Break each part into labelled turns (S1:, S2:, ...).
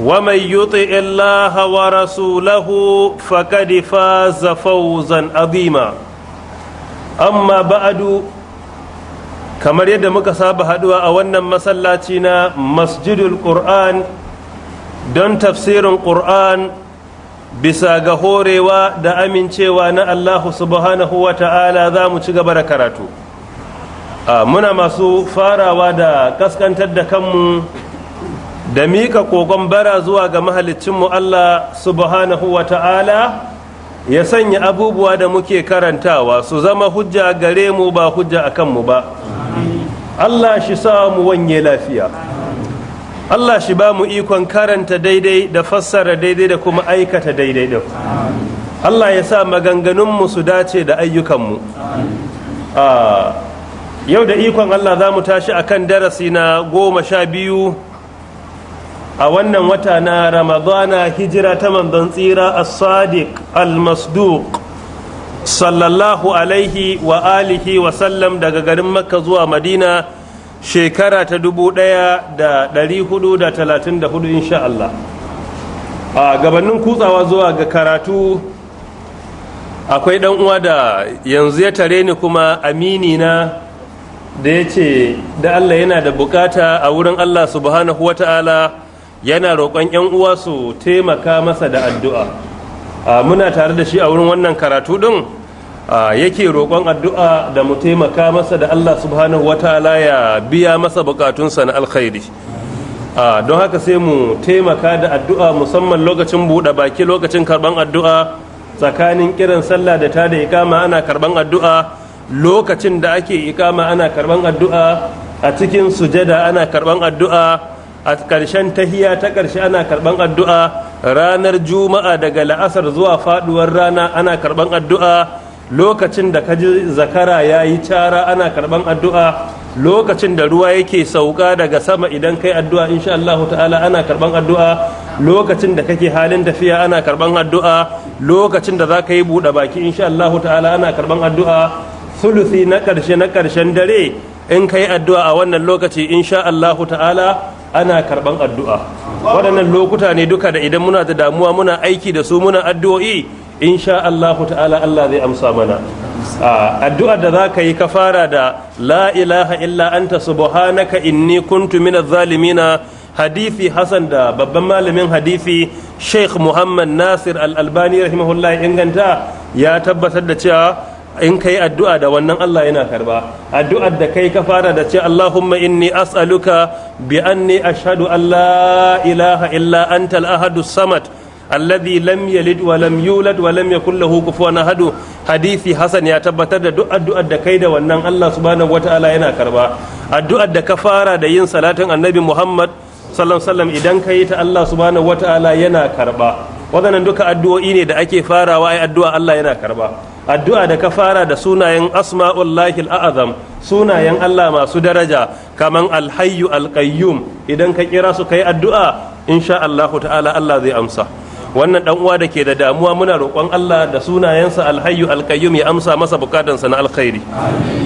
S1: ومن يطع الله ورسوله فقد فاز فوزا عظيما أما بعد kamar yadda muka saba haɗuwa a wannan masallaci na masjidul qur'an don tafsirin qur'an bisa ga horewa da amincewa na allahu subhanahu wa ta'ala za mu ci gaba da karatu muna masu farawa da kaskantar da kanmu da mika kogon bara zuwa ga mahalicinmu Allah subhanahu wa ta'ala ya sanya abubuwa da muke karantawa su zama hujja gare mu ba hujja a kanmu ba Allah shi sa mu wanye lafiya Allah shi ba mu ikon karanta daidai da fassara daidai da kuma aikata daidai da. Allah ya sa maganganunmu su dace da ayyukanmu ah, yau da ikon Allah za mu tashi akan darasi na goma sha biyu a wannan wata na ramadana hijira ta manzon tsira a sadiq al-masduq sallallahu alaihi wa alihi wa sallam daga garin makka zuwa madina shekara ta dubu ɗaya da ɗari hudu da talatin da hudu insha Allah a gabanin kutsawa zuwa ga karatu akwai ɗan uwa da yanzu ya tare ni kuma amini na da ya ce da Allah yana da bukata a wurin Allah subhanahu wa ta'ala yana roƙon 'yan uwa su taimaka masa da addu'a muna tare da shi a wurin wannan karatu ɗin yake roƙon addu'a da mu taimaka masa da allah subhanahu wataala ya biya masa bukatunsa na alkhairi don haka sai mu taimaka da addu'a musamman lokacin buɗe baki lokacin karɓan addu'a tsakanin kiran sallah da ta da ikama ana karɓan addu'a lokacin da ake ikama ana karɓan addu'a a cikin sujada ana karɓan addu'a a ƙarshen tahiya ta ƙarshe ana karɓan addu'a ranar juma'a daga la'asar zuwa faɗuwar rana ana karɓan addu'a lokacin da kaji zakara ya yi cara ana karɓan addu'a lokacin da ruwa yake sauka daga sama idan kai addu'a insha Allah ta'ala ana karɓan addu'a lokacin da kake halin tafiya ana karɓan addu'a lokacin da za ka yi buɗe baki insha Allah ta'ala ana karɓan addu'a sulusi na ƙarshe na ƙarshen dare in kai addu'a a wannan lokaci insha Allah ta'ala ana karban addu'a waɗannan lokuta ne duka da idan muna da damuwa muna aiki da su muna addu'o'i insha Allah ta'ala Allah zai amsa mana addu'a da za ka yi ka fara da la ilaha illa anta subhanaka inni kuntu minaz zalimina hadithi Hassan da babban malamin hadithi Sheikh Muhammad Nasir Al-Albani rahimahullah inganta ya tabbatar da cewa in kai addu'a da wannan Allah yana karba addu'ar da kai ka fara da ce Allahumma inni as'aluka bi anni ashhadu an la ilaha illa anta al-ahadu samad alladhi lam yalid wa lam yulad wa lam yakul lahu kufuwan ahad hadisi hasan ya tabbatar da duk addu'ar da kai da wannan Allah subhanahu wataala yana karba addu'ar da ka fara da yin salatin annabi Muhammad sallallahu alaihi wasallam idan ka yi ta Allah subhanahu wataala yana karba wadannan duka addu'o'i ne da ake farawa ai addu'a Allah yana karba addu'a da ka fara da sunayen asma'ullahi al'azam sunayen Allah masu daraja kaman alhayyu alƙayyum idan ka kira su kai addu'a insha Allah ta'ala Allah zai amsa wannan dan uwa da ke da damuwa muna roƙon Allah da sunayensa alhayyu alkayyum ya amsa masa bukatunsa na alkhairi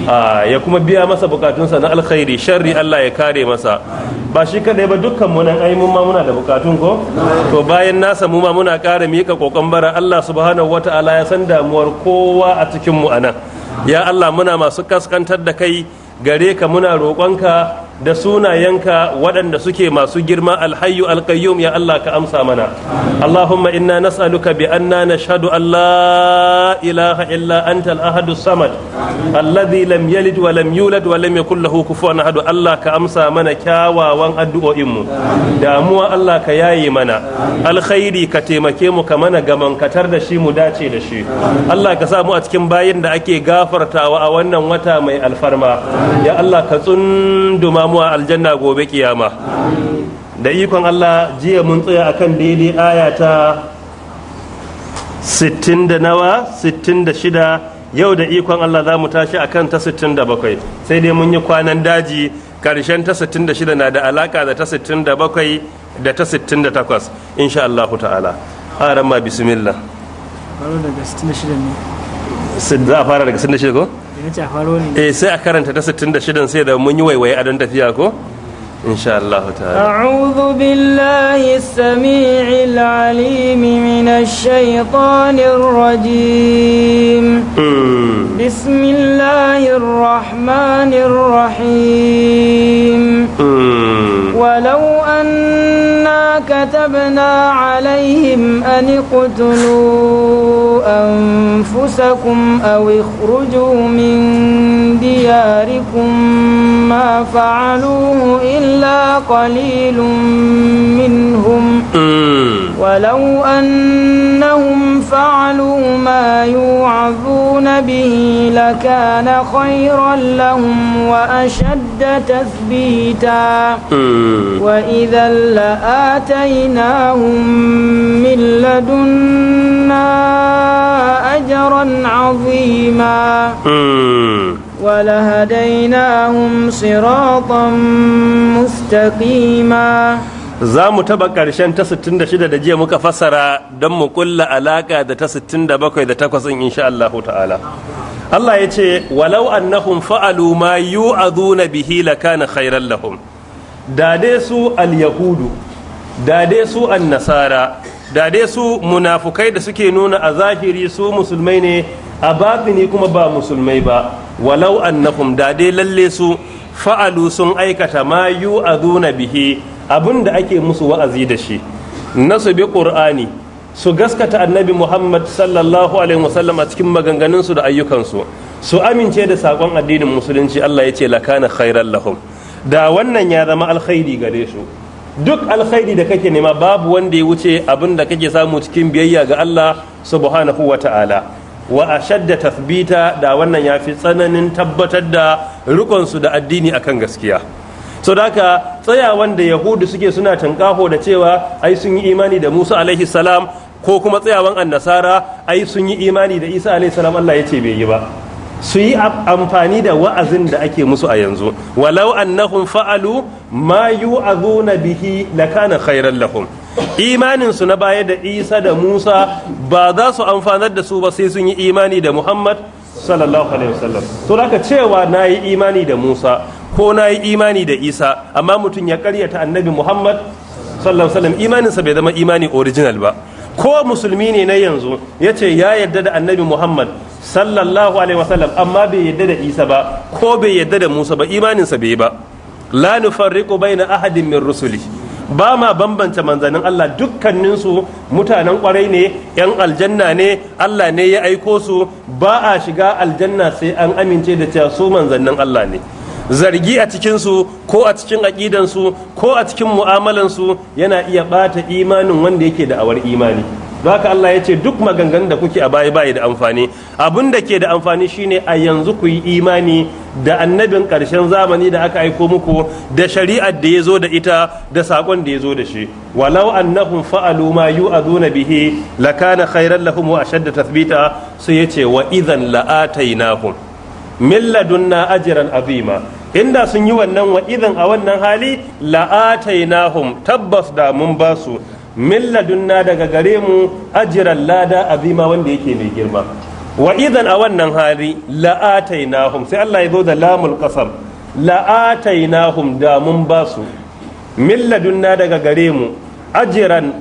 S1: ah, ya kuma biya masa bukatunsa na alkhairi sharri Allah ya kare masa ba shi kadai ba dukkan mu nan ai mun ma muna da bukatun ko to bayan nasa mu ma muna ƙara mika kokon bara Allah subhanahu wataala ya san damuwar kowa a cikin mu anan ya Allah muna masu kaskantar da kai gare ka muna roƙonka da sunayenka waɗanda suke masu girma alhayu, alkayyum ya Allah ka amsa mana Allahumma inna nas'aluka bi anna nashhadu an la ilaha illa anta al-ahadu samad alladhi lam yalid wa lam yulad wa lam yakul lahu kufuwan ahad Allah ka amsa mana kyawawan addu'o'in mu damuwa Allah ka yaye mana alkhairi ka taimake mu ka mana gaman katar da shi mu dace da shi Allah ka sa mu a cikin bayin da ake gafartawa a wannan wata mai alfarma ya Allah ka tsunduma samu a aljanna gobe kiyama da ikon Allah jiya mun tsaya akan daidai aya ta 60 66 yau da ikon Allah za mu tashi akan ta 67 sai dai mun yi kwanan daji karshen ta 66 na da alaka da ta 67 da ta 68 insha Allah ta'ala aran bismillah fara daga 66 ne za a fara daga 66 ko e sai a karanta ta 66 sai da mun yi waiwaye a don tafiya ko insha Allah ta
S2: a'udhu billahi sami'il shaytanir rajim hmm. bismillahir hmm. walau كتبنا عليهم أن اقتلوا أنفسكم أو اخرجوا من دياركم ما فعلوه إلا قليل منهم ولو أنهم فعلوا ما يوعظون به لكان خيرا لهم وأشد تثبيتا وإذا لآت آتيناهم من لدنا أجرا عظيما hmm. ولهديناهم صراطا مستقيما
S1: za mu taɓa ƙarshen ta 66 da jiya muka fassara don mu kulla alaƙa da ta 67 da 8 insha Allahu ta'ala Allah ya ce walau annahum fa'alu ma yu'aduna bihi lakana khairan lahum da dai su al-yahudu da dai su annasara da dai su munafukai da suke nuna a zahiri su musulmai ne a batini kuma ba musulmai ba walau annahum da dai lalle su fa'alu sun aikata ma azuna bihi abin da ake musu wa'azi da shi nasu bi qur'ani su gaskata annabi muhammad sallallahu alaihi wasallam a cikin maganganunsu da ayyukansu su amince da saƙon addinin musulunci allah ya ce lakana khairan lahum da wannan ya zama alkhairi gare su duk alkhairi da kake nema babu wanda ya wuce abin da kake samu cikin biyayya ga Allah subhanahu wa ta'ala wa ashadda tathbita da wannan ya fi tsananin tabbatar da rikonsu da addini akan gaskiya so da haka tsayawan da yahudu suke suna tankaho da cewa ai sun yi imani da musa alaihi salam ko kuma tsayawan annasara ai sun yi imani da isa alaihi salam allah ya ce bai yi ba su yi amfani da wa'azin da ake musu a yanzu walau annahum fa'alu ma yu'azuna bihi lakana khairan lahum imanin su na baya da Isa da Musa ba za su amfanar da su ba sai sun yi imani da Muhammad sallallahu alaihi wasallam to zaka cewa nayi imani da Musa ko nayi imani da Isa amma mutum ya karyata annabi Muhammad sallallahu alaihi wasallam imanin sa bai zama imani original ba ko musulmi ne na yanzu ya ce ya yadda da annabi muhammad sallallahu alaihi wasallam amma bai yadda da isa ba ko bai yadda da musa ba imaninsa bai ba la nufarriqu baina ahadin min rusuli ba ma bambanta manzanin Allah dukkaninsu mutanen kwarai ne yan aljanna ne Allah ne ya aiko su ba a shiga aljanna sai an amince da cewa su manzannin Allah ne zargi a cikinsu ko a cikin su ko a cikin mu'amalansu yana iya ɓata imanin wanda yake da awar imani haka Allah ya ce duk maganganun da kuke a baya baya da amfani abin da ke da amfani shine a yanzu ku yi imani da annabin ƙarshen zamani da aka aiko muku da shari'ar da ya zo da ita da saƙon da ya zo da shi walau annahum fa'alu ma yu'aduna bihi lakana khairan lahum wa ashadda tathbita su yace wa idhan la'atainahum min ladunna ajran azima inda sun yi wannan wa idan a wannan hali la'atainahum tabbas da mun ba su min ladunna daga gare mu ajran lada azima wanda yake mai girma wa idan a wannan hali la'atai hum sai Allah ya zo da lamul na la'atainahum da mun ba su min daga gare mu ajiran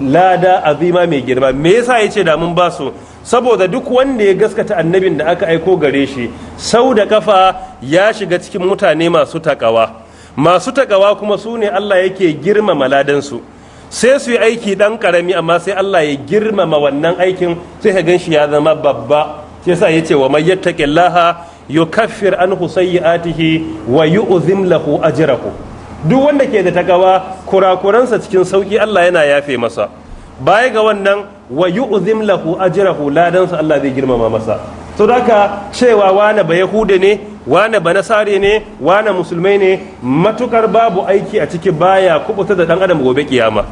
S1: lada azima mai girma me yasa ya ce da mun ba su saboda duk wanda ya gaskata annabin da aka aiko gare shi sau da kafa ya shiga cikin mutane masu takawa masu takawa kuma su ne Allah yake girmama ladansu sai su yi aiki ɗan karami amma sai Allah ya girmama wannan aikin sai ka gan shi ya zama babba sai sa ya ce wa may yattaqillaha yukaffir anhu sayyi'atihi wa yu'zim lahu ajrahu duk wanda ke da tagawa kurakuransa cikin sauki Allah yana yafe masa baya ga wannan wa yu'zim lahu ajrahu ladansa Allah zai girmama masa to haka cewa wane ba yahude ne wane ba nasare ne wane musulmai ne matukar babu aiki a ciki baya kubuta da dan adam gobe kiyama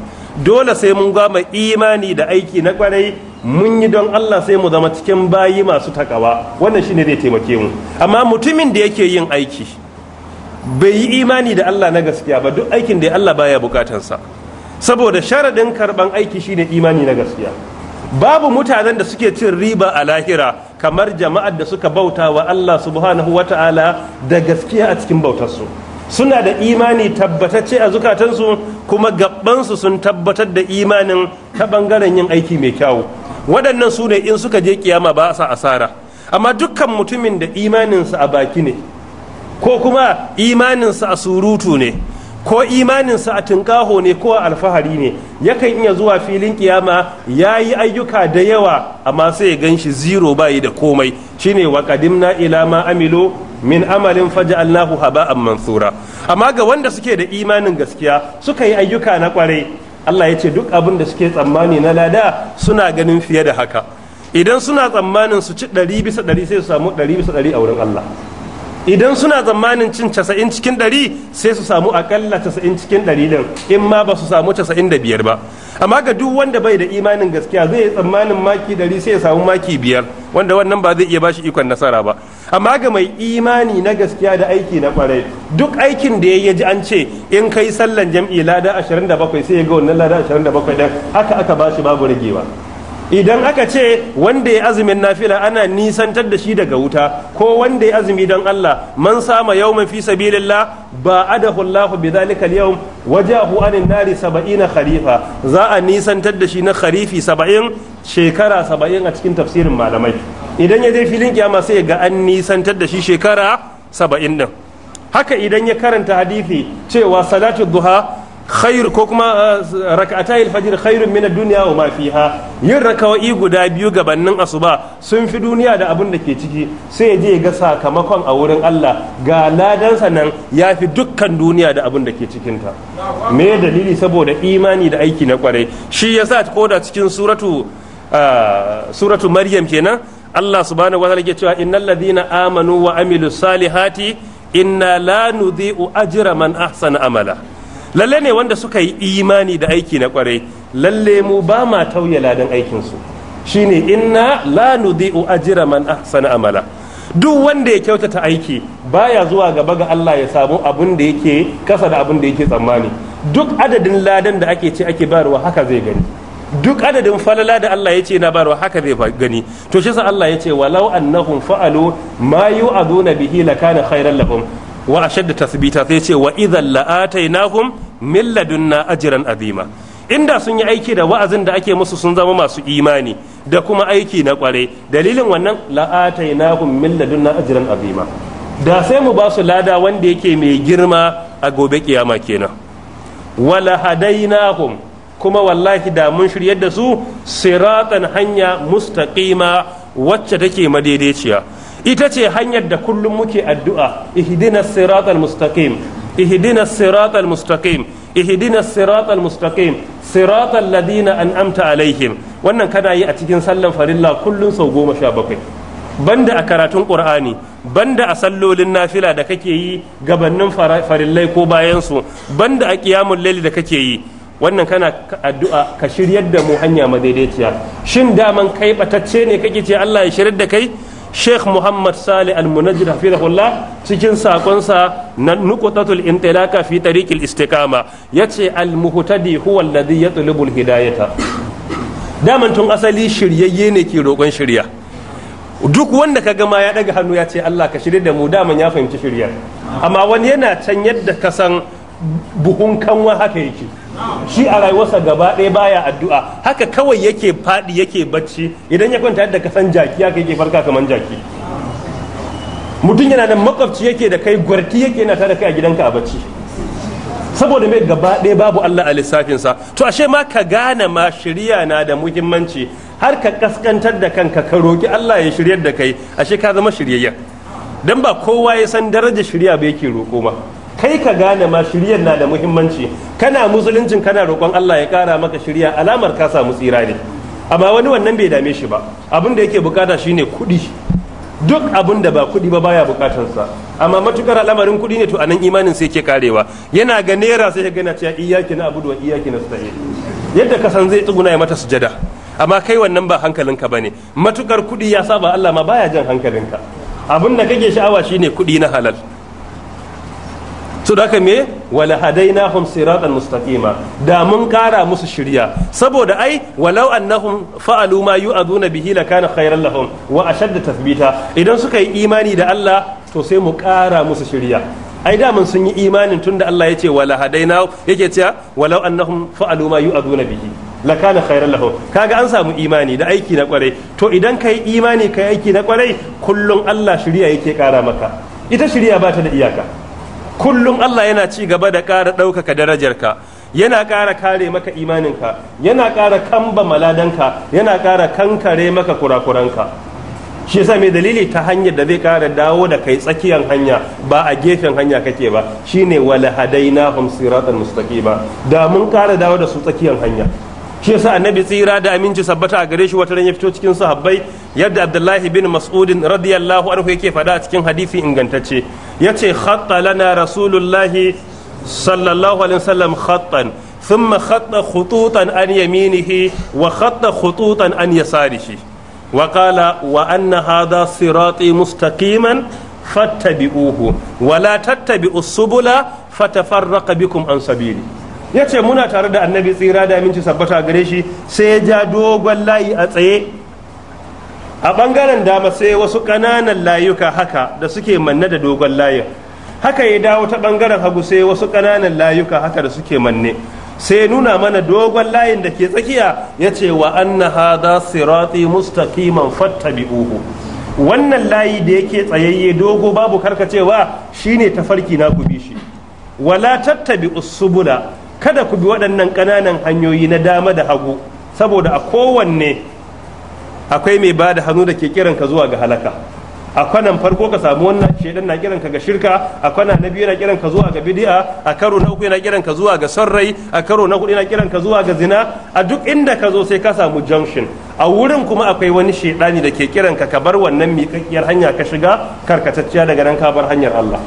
S1: dole sai mun gama imani da aiki na kwarai mun yi don Allah sai mu zama cikin bayi masu takawa wannan shine zai taimake mu amma mutumin da yake yin aiki bai yi imani da Allah na gaskiya ba duk aikin da Allah baya bukatansa saboda sharadin karban aiki shine imani na gaskiya babu mutanen da suke cin riba a lahira kamar jama'ar da suka bauta wa Allah subhanahu wa ta'ala da gaskiya a cikin bautarsu suna da imani tabbatacce a zukatansu kuma gabansu sun tabbatar da imanin ta bangaren yin aiki mai kyau. waɗannan su ne in suka je kiyama ba sa asara amma dukkan mutumin da imaninsa a baki ne ko kuma imaninsa a surutu ne ko imaninsa a tunƙaho ne ko alfahari ne yakan iya zuwa filin kiyama ya yi ayyuka da yawa amma sai ya ganshi zero bayi da komai shine wa kadimna ila ma amilu min amalin allahu haba'an mansura amma ga wanda suke da imanin gaskiya suka yi ayyuka na kwarai Allah ya ce duk abin da suke tsammani na lada suna ganin fiye da haka idan suna tsammanin su ci ɗari bisa ɗari sai su samu ɗari bisa ɗari a wurin Allah idan suna tsammanin cin casa'in cikin ɗari sai su samu akalla casa'in cikin ɗari ɗin in ma ba su samu casa'in da biyar ba amma ga duk wanda bai da imanin gaskiya zai yi tsammanin maki ɗari sai ya samu maki biyar wanda wannan ba zai iya bashi ikon nasara ba amma ga mai imani na gaskiya da aiki na kwarai duk aikin da ya yi ji an ce in kai sallan jam'i lada 27 sai ya ga wannan lada 27 ɗin haka aka ba shi babu ragewa idan aka ce wanda ya azumin nafila ana nisantar da shi daga wuta ko wanda ya azumi don Allah man sama yawman fi sabilillah ba adahu Allah bi zalika al-yawm wajahu anin nari 70 kharifa za a nisantar da shi na kharifi saba'in shekara saba'in a cikin tafsirin malamai idan ya je filin kiyama sai ga an nisantar da shi shekara saba'in din haka idan ya karanta hadisi cewa salatu duha khairu ko kuma uh, rak'atai al-fajr khairun min ad-dunya wa ma fiha yin rakawai guda biyu gabanin asuba sun fi duniya da abin da ke ciki sai je ga sakamakon a wurin Allah ga ladansa nan ya fi dukkan duniya da abin da ke cikin ta me dalili saboda imani da aiki na kware, shi yasa koda cikin suratu uh, suratu maryam kenan Allah subhanahu wa ta'ala ke cewa innal ladina amanu wa amilus salihati inna la nudhi'u ajra man ahsana amala lalle ne wanda suka yi imani da aiki na kwarai lalle mu ba ma tauye ladan aikinsu shine inna la nudi'u ajra man ahsana amala duk wanda ya kyautata aiki baya zuwa gaba ga Allah ya samu abin da yake kasa da abin da yake tsammani duk adadin ladan da ake ce ake barwa haka zai gani duk adadin falala da Allah ya ce na barwa haka zai gani to shi Allah ya ce walau annahum fa'alu ma yu'aduna bihi lakana khairan lahum wa ashadda tasbita sai ce wa idhal la'atainahum milladunna ajiran azima inda sun yi aiki da wa'azin da ake musu sun zama masu imani da kuma aiki na kware dalilin wannan la'atainahum milladunna ajiran azima da sai mu ba su lada wanda yake mai girma a gobe kiyama kenan wala hadainahum kuma wallahi da mun shiryar da su siratan hanya mustaqima wacce take madaidaiciya ita ce hanyar da kullum muke addu'a ihdina siratal mustaqim ihdina siratal mustaqim ihdina siratal mustaqim siratal ladina an'amta alaihim wannan kana yi a cikin sallan farilla kullum sau goma sha bakwai banda a karatun qur'ani banda a sallolin nafila da kake yi gabannin farillai ko bayansu banda a ƙiyamun layli da kake yi wannan kana addu'a ka shiryar da mu hanya madaidaiciya shin daman kai batacce ne kake ce Allah ya shiryar da kai sheikh muhammad salih al-munajjid hafizahullah cikin sakonsa na nuqtatul intilaka fi tariqil istiqama yace al-muhtadi huwa alladhi yatlubu al-hidayata daman tun asali shiryayye ne ke roƙon shirya duk wanda ka gama ya daga hannu ya ce Allah ka shirya da mu daman ya fahimci shirya amma wani yana can yadda ka san buhun kanwa haka yake
S3: shi a rayuwarsa
S1: gaba ɗaya baya addu'a haka kawai yake faɗi yake bacci idan ya kwanta yadda kasan jaki haka yake farka kaman jaki mutum yana da makwabci yake da kai gwarki yake yana tare kai a gidanka a bacci saboda mai gaba ɗaya babu Allah a lissafinsa to ashe ma ka gane ma shirya na da muhimmanci har ka kaskantar da kanka ka roki Allah ya shiryar da kai ashe ka zama shiryayya dan ba kowa ya san darajar shirya ba yake roko ba. kai ka gane ma shiryar na da muhimmanci kana musuluncin kana roƙon Allah ya kara maka shirya alamar ka samu tsira ne amma wani wannan bai dame shi ba abin da yake bukata shine kuɗi duk abin da ba kuɗi ba baya sa, amma matukar al'amarin kuɗi ne to anan imanin sai ke karewa yana ga naira sai ya gana cewa iyaki na abudu wa iyaki na sa'id yadda ka san zai tsuguna ya mata sujada amma kai wannan ba hankalinka bane matukar kuɗi ya saba Allah ma baya jan hankalinka abin da kake sha'awa shine kuɗi na halal so da haka me wala mustaƙima siratan mustaqima da mun kara musu shirya saboda ai walau annahum fa'alu ma yu'aduna bihi lakana khairan lahum wa ashadda tathbita idan suka yi imani da Allah to sai mu kara musu shirya ai da mun sun yi imanin tunda Allah ya ce wala hadaina yake cewa walau annahum fa'alu ma yu'aduna bihi lakana khairan lahum kaga an samu imani da aiki na kwarai to idan kai imani kai aiki na kwarai kullum Allah shirya yake kara maka ita shirya ba ta da iyaka kullum Allah yana ci gaba da ƙara ɗaukaka darajarka yana ƙara kare maka imaninka yana ƙara kamba maladanka yana ƙara kankare maka kurakuranka shi yasa mai dalili ta hanyar da zai ƙara dawo da kai tsakiyar hanya ba a gefen hanya kake ba shine wala hadainahum siratal mustaqima da mun ƙara dawo da su tsakiyar hanya shi yasa annabi tsira da aminci sabbata a gare shi wata ran ya fito cikin sahabbai yadda abdullahi bin mas'udin radiyallahu anhu yake fada a cikin hadisi ingantacce yace khatta lana rasulullahi sallallahu alaihi wasallam khattan thumma khatta khututan an yaminihi wa khatta khututan an yasarihi wa qala wa anna hadha sirati mustaqiman fattabi'uhu wa la tattabi'us subula fatafarraqa bikum an sabili ya ce muna tare da annabi tsira da aminci sabbata gare shi sai ya ja dogon layi a tsaye a bangaren dama sai wasu ƙananan layuka haka da suke manne da dogon layin haka ya dawo ta ɓangaren hagu sai wasu ƙananan layuka haka da suke manne sai nuna mana dogon layin da ke tsakiya ya ce wa anna hada sirati mustaqiman fattabi'uhu wannan layi da yake tsayayye dogo babu karkacewa shine tafarki na ku bi shi wala tattabi usubula kada ku bi waɗannan ƙananan hanyoyi na dama da hagu saboda a kowanne akwai mai ba da hannu da ke kiranka zuwa ga halaka a kwanan farko ka samu wannan shaidan na kiranka ga shirka a kwana na biyu na kiranka zuwa ga bidi'a a karo na uku kiranka zuwa ga son a karo na hudu kiranka zuwa ga zina a duk inda ka zo sai ka samu junction a wurin kuma akwai wani shaidani da ke kiranka ka bar wannan miƙaƙƙiyar hanya ka shiga karkatacciya daga nan ka bar hanyar Allah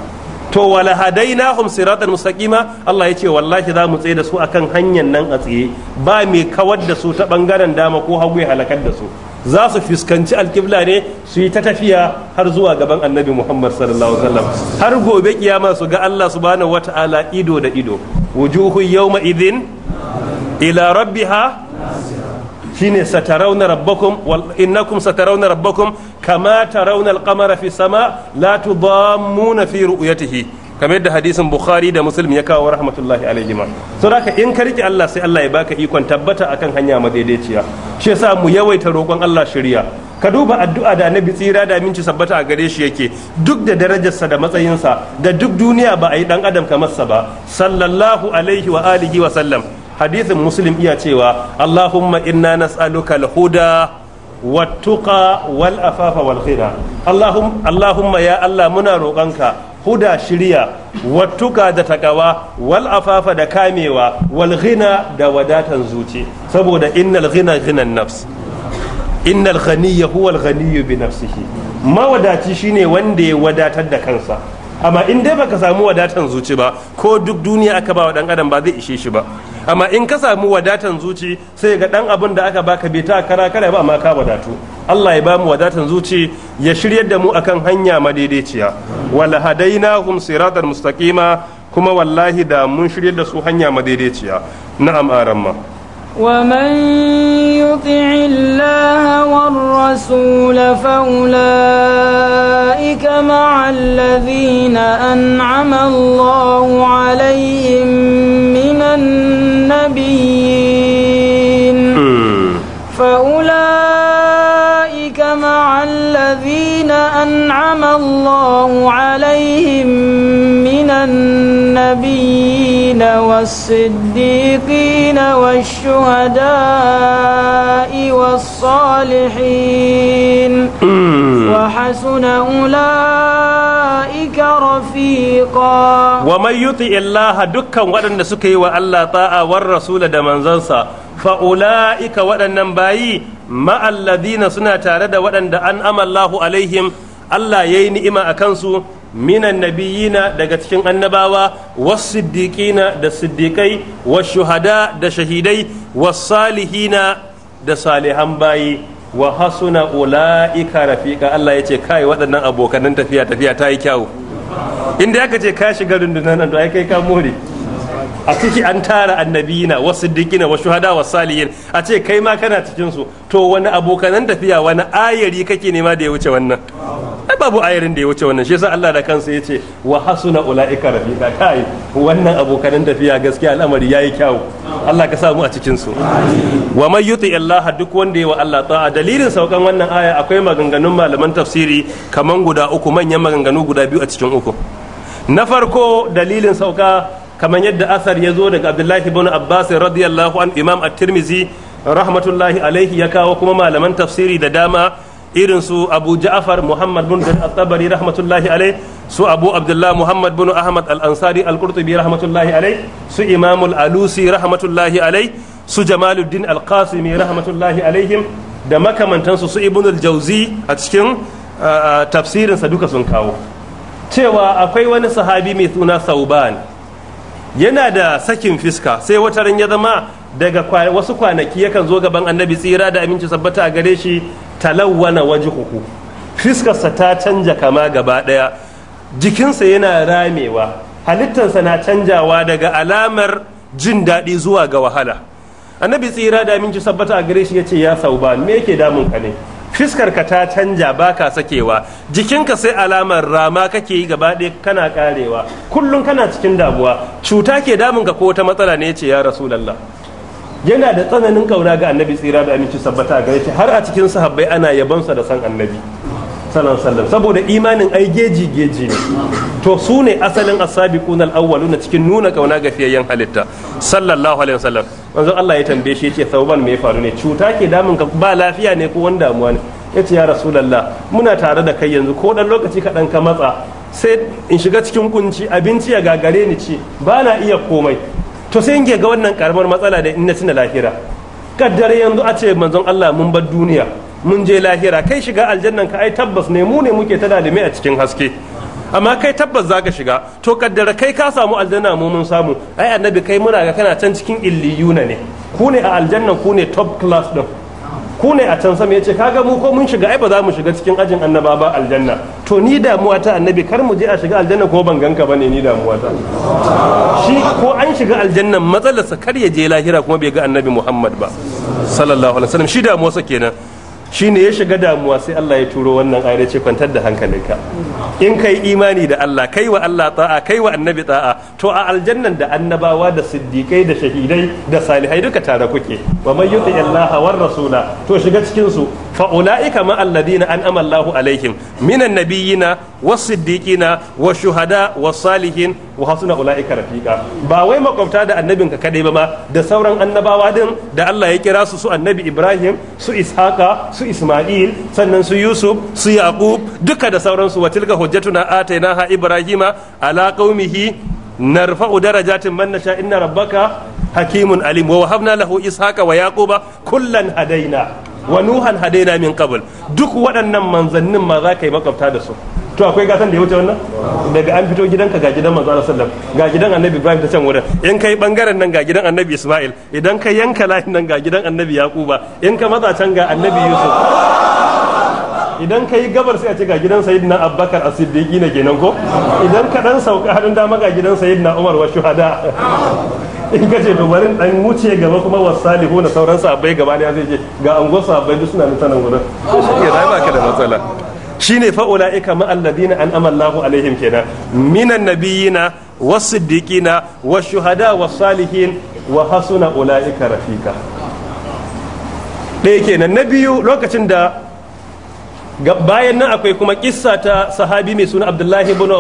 S1: to wala hadainahum siratan mustaqima Allah yace wallahi za mu tsaye da su akan hanyar nan a tsaye ba mai kawar da su ta bangaren dama ko hagu ya halakar da su za su fuskanci alkibla ne su yi ta tafiya har zuwa gaban annabi muhammad sallallahu alaihi wasallam har gobe kiyama su ga allah subhanahu wataala ido da ido wujuhu yawma idhin ila rabbiha shine satarawna rabbakum wal innakum satarawna rabbakum kama ta raunar qamara fi sama la tudammuna fi ru'yatihi kamar yadda hadisin bukhari da muslim ya kawo rahmatullahi alaihi ma so in ka rike Allah sai Allah ya baka ikon tabbata akan hanya madaidaiciya shi yasa mu yawaita roƙon Allah shirya ka duba addu'a da annabi tsira da minci sabbata a gare shi yake duk da darajarsa da matsayinsa da duk duniya ba a yi dan adam kamar sa ba sallallahu alaihi wa alihi wa sallam hadisin muslim iya cewa allahumma inna nas'aluka al-huda wattuqa wal afafa wal khira ya allah muna roƙonka huda shirya wattuka da takawa wal afafa da kamewa wal ghina da wadatan zuci saboda innal ghina ghinan nafs innal ghaniyya huwa al ghaniyyu bi nafsihi mawadaci shine wanda ya wadatar da kansa amma in dai baka samu wadatan zuci ba ko duk duniya aka ba wa dan adam ba zai ishe shi ba amma in ka samu wadatan zuci sai ga dan abin da aka baka bai ta kara kara ba amma ka wadatu Allah ya ba mu wadatan zuci ya shiryar da mu akan hanya madaidaiciya wal hadainahum siratal mustaqima kuma wallahi da mun shiryar da su hanya madaidaiciya na'am aramma
S2: ومن يطع الله والرسول فأولئك مع الذين أنعم الله عليهم من الناس النبيين فأولئك مع الذين أنعم الله عليهم من النبيين والنبيين والصديقين والشهداء والصالحين وحسن أولئك رفيقا
S1: ومن يطع الله دكا ودن سكي وألا طاعة والرسول دمن زنسا فأولئك ودن باي مع الذين سنة تارد ودن أن أم الله عليهم Allah ya yi ni'ima a kansu minan nabiyina daga cikin annabawa wasu siddiƙina da siddiƙai wa shuhada da shahidai wa salihina da salihan bayi wa hasuna ula'ika rafiƙa Allah ya ce kai waɗannan abokanan tafiya tafiya ta yi kyawu inda aka ce ka shiga rundunar nan to ai kai ka more a ciki an tara annabiyina wa siddiqina wa shuhada wa salihin a ce kai ma kana cikinsu. to wani abokanan tafiya wani ayari kake nema da ya wuce wannan ai babu ayarin da ya wuce wannan shi yasa Allah da kansa ya ce wa hasuna ulaika rafiqa kai wannan abokanan tafiya gaskiya al'amari yayi kyau Allah ka samu a cikin su wa may yuti Allah duk wanda yawa Allah ta'a dalilin saukan wannan aya akwai maganganun malaman tafsiri kaman guda uku manyan maganganu guda biyu a cikin uku na farko dalilin sauka kaman yadda asar ya zo daga Abdullahi ibn Abbas radiyallahu an Imam At-Tirmidhi rahmatullahi alaihi ya kawo kuma malaman tafsiri da dama irin su abu ja'afar muhammad bin al-tabari rahmatullahi alai su abu abdullah muhammad bin ahmad al-ansari al-qurtubi rahmatullahi alai su imam alusi rahmatullahi alai su jamaluddin al-qasimi rahmatullahi alaihim da makamantansu su ibn al-jauzi a cikin tafsirinsa duka sun kawo cewa akwai wani sahabi mai suna sauban yana da sakin fiska sai wata ran ya zama daga wasu kwanaki yakan zo gaban annabi tsira da aminci sabbata a gare shi talawwana huku fiskarsa ta canja kama gaba daya jikinsa yana ramewa halittarsa na canjawa daga alamar jin daɗi zuwa ga wahala annabi tsira da minci sabbata a gare shi ya ce ya sau ba, me yake damun ka ne fiskar ka ta canja ba ka sakewa jikinka sai alamar rama kake yi gaba ɗaya kana karewa kullum kana cikin damuwa cuta ke damun ka ko wata matsala ne ce ya rasulallah yana da tsananin kauna ga annabi tsira da aminci sabbata a gare shi har a cikin sahabbai ana yabansa da san annabi sallallahu saboda imanin ai geji geji ne to su ne asalin kunal al na cikin nuna kauna ga fiyayyen halitta sallallahu alaihi wasallam manzon Allah ya tambaye shi yace sauban me ya faru ne cuta ke damun ka ba lafiya ne ko wani damuwa ne yace ya rasulullah muna tare da kai yanzu ko dan lokaci kaɗan ka matsa sai in shiga cikin kunci abinci ya gagare ni ce ba na iya komai to sai yanke ga wannan karamar matsala da inna tuna lahira kaddare yanzu a ce manzon Allah mun bar duniya mun je lahira kai shiga aljannan ka ai tabbas ne mu ne muke ta dalime a cikin haske amma kai tabbas za ka shiga to kaddara kai ka samu aljanna mu mun samu ai annabi kai muna ga kana can cikin illiyuna ne ku ne a aljannan ku ne top class din ku ne a can sama ya ce kaga mu ko mun shiga ai ba za mu shiga cikin ajin annaba ba aljanna to ni damuwa ta annabi kar mu je a shiga aljanna ko ban ganka bane ni damuwa ta shi ko an shiga aljanna matsalarsa kar ya je lahira kuma bai ga annabi muhammad ba sallallahu alaihi wasallam shi damuwarsa kenan Shi ne ya shiga damuwa sai Allah ya turo wannan ayar ce kwantar da hankalinka in kai imani da Allah kai wa Allah ta'a kai wa annabi ta'a to a aljannan da annabawa da siddiqai da shahidai da salihai duka tare kuke wa man yuti Allah war rasula to shiga cikin su fa ulaika ma alladina an'ama Allahu alaihim minan nabiyina was siddiqina wa shuhada was salihin wa suna ula'ika rafiqa ba wai maƙwabta da annabinka kadai ba ma da sauran annabawa ɗin da Allah ya kira su su annabi Ibrahim su ishaka su Isma'il sannan su Yusuf su Yaqub duka da sauran su watilka hujjatuna atainaha Ibrahima ala qaumihi narfa'u darajatin man nasha inna rabbaka hakimun alim wa wahabna lahu ishaqa wa yaquba kullan hadaina wa nuhan hadaina min qabl duk waɗannan manzannin ma za kai makwabta da su to akwai gatan da ya wuce wannan daga an fito gidanka ga gidan manzo Allah sallallahu alaihi wasallam ga gidan annabi Ibrahim ta can wurin in kai bangaren nan ga gidan annabi Isma'il idan ka yanka layin nan ga gidan annabi Yaquba in ka maza can ga annabi Yusuf idan ka yi gabar sai a ce ga gidan sayyidina abubakar a siddiqi ne kenan ko idan ka dan sauka hannun dama ga gidan sayyidina umar wa shuhada in ka ce dubarin dan wuce gaba kuma wa salihu na sauran sahabbai gaba ne zai je ga angon sahabbai duk suna nan sanan gudan shi ke rayuwa ka da matsala shine fa ulaika ma alladina an'ama Allahu alaihim kenan minan nabiyina was na, wasu shuhada was-salihin wa hasuna ulaika rafika ɗaya kenan na biyu lokacin da bayan nan akwai kuma kissa ta sahabi mai suna abdullahi bin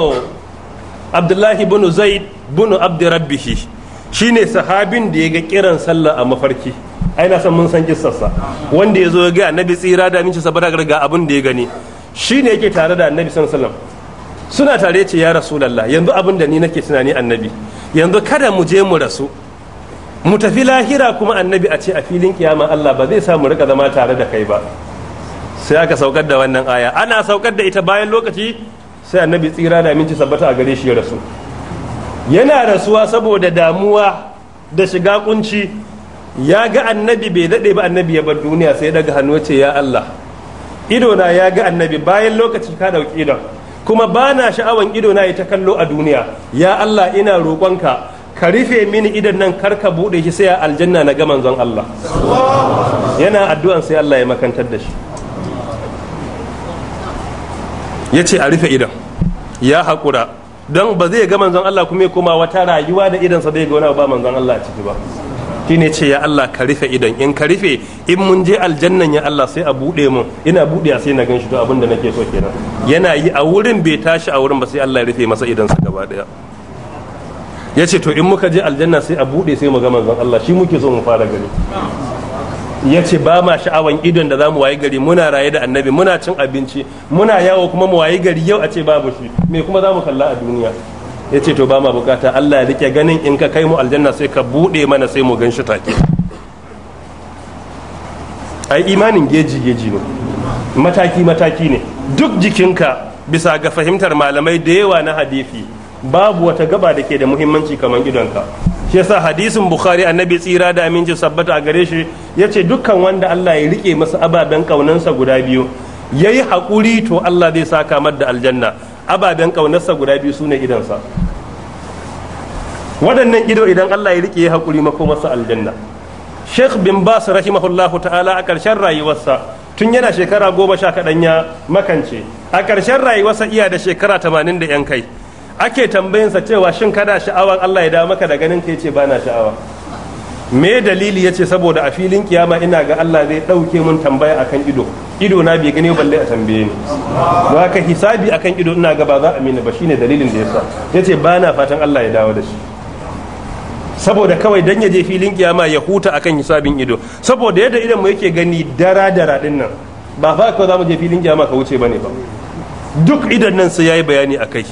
S1: abdullahi bin zaid shi, shi shine sahabin da ya ga kiran sallah a mafarki aina na san mun san kissarsa wanda ya zo ga nabi tsira da minci sabara ga abin da ya gani shi ne yake tare da annabi sallallahu alaihi suna tare ce ya rasu lalla yanzu abin da ni nake tunani annabi yanzu kada mu je mu rasu mu tafi lahira kuma annabi a ce a filin kiyama Allah ba zai samu rika zama tare da kai ba sai aka saukar da wannan aya ana saukar da ita bayan lokaci sai annabi tsira da minci sabbata a gare shi ya rasu yana rasuwa saboda damuwa da shiga kunci ya ga annabi bai daɗe ba annabi ya bar duniya sai daga hannu ce ya Allah idona ya ga annabi bayan lokaci ka ɗauki idon kuma ba na sha'awan idona ya ta kallo a duniya ya Allah ina roƙonka ka rufe mini idan nan kar ka buɗe shi sai a aljanna na ga manzon Allah yana addu'an sai Allah ya makantar da shi ya a rufe idan ya haƙura don ba zai ga manzon Allah kuma ya koma wata rayuwa da idansa zai ga wani ba manzon Allah ciki ba shine ce ya Allah ka rufe idan in ka rufe in mun je aljannan ya Allah sai a bude mun ina bude sai na ganshi to abin da nake so kenan yana yi a wurin bai tashi a wurin ba sai Allah ya rufe masa idan sa gaba daya yace to in muka je aljanna sai a bude sai mu ga manzon Allah shi muke so mu fara gani ya ce ba ma sha'awan idon da za mu wayi gari muna raye da annabi muna cin abinci muna yawo kuma mu wayi gari yau a ce babu shi me kuma za mu kalla a duniya ya ce to ba ma bukata Allah ya rike ganin in ka kai mu aljanna sai ka buɗe mana sai mu gan shi take ai imanin geji geji ne mataki mataki ne duk jikinka bisa ga fahimtar malamai da yawa na hadisi babu wata gaba da ke da muhimmanci kamar idonka shi yasa hadisin bukhari annabi tsira da aminci sabbata a gare shi ya ce dukkan wanda allah ya rike masa ababen kaunansa guda biyu ya yi haƙuri to allah zai saka mar da aljanna ababen ƙaunarsa guda biyu su ne idansa waɗannan ido idan Allah ya riƙe ya haƙuri makomarsa aljanna Sheikh bin Bas rahimahullah ta'ala a ƙarshen rayuwarsa tun yana shekara goma sha kaɗan ya makance a ƙarshen rayuwarsa iya da shekara tamanin da yan kai ake tambayinsa cewa shin kana sha'awar Allah ya da maka da ganin ka ya ce ba na sha'awa me dalili ya ce saboda a filin kiyama ina ga Allah zai ɗauke mun tambaya akan ido ido na bai gane balle a tambaye ni don haka hisabi akan ido ina ga ba za a mini ba shine dalilin da yasa yace ba na fatan Allah ya dawo da shi saboda kawai dan ya je filin kiyama ya huta akan hisabin ido saboda yadda idan mu yake gani dara dara din nan ba fa ko za mu je filin kiyama ka wuce bane ba duk idan nan sai yayi bayani akai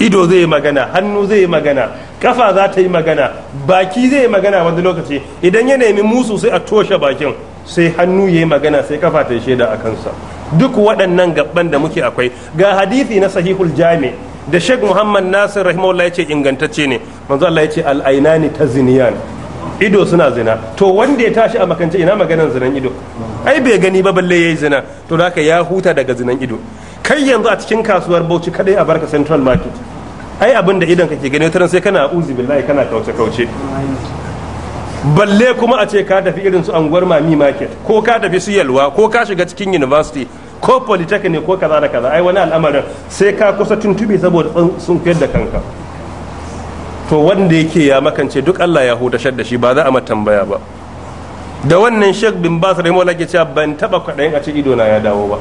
S1: ido zai magana hannu zai magana kafa za ta yi magana baki zai yi magana wani lokaci idan ya nemi musu sai a toshe bakin sai hannu ya yi magana sai kafa ta yi shaida a kansa duk waɗannan gaban da muke akwai ga hadithi na sahihul jami da sheikh muhammad nasir rahimahullah ya ce ingantacce ne manzo Allah ya ce al'ainani ta ziniyan ido suna zina to wanda ya tashi a makance ina maganan zinan ido ai bai gani ba balle yayi zina to da ya huta daga zinan ido kai yanzu a cikin kasuwar bauchi kadai a barka central market ai abin da idan kake gani wataran sai kana uzi billahi kana kauce kauce balle kuma a ce ka tafi irin su anguwar mami market ko ka tafi su yalwa ko ka shiga cikin university ko polytechnic ko kaza da kaza ai wani al'amarin sai ka kusa tuntube saboda sun fiyar da kanka to wanda yake ya makance duk Allah ya hutashar da shi ba za a tambaya ba da wannan shek bin bas rahimahu ke cewa ban taba kwaɗayin a ce na ya dawo ba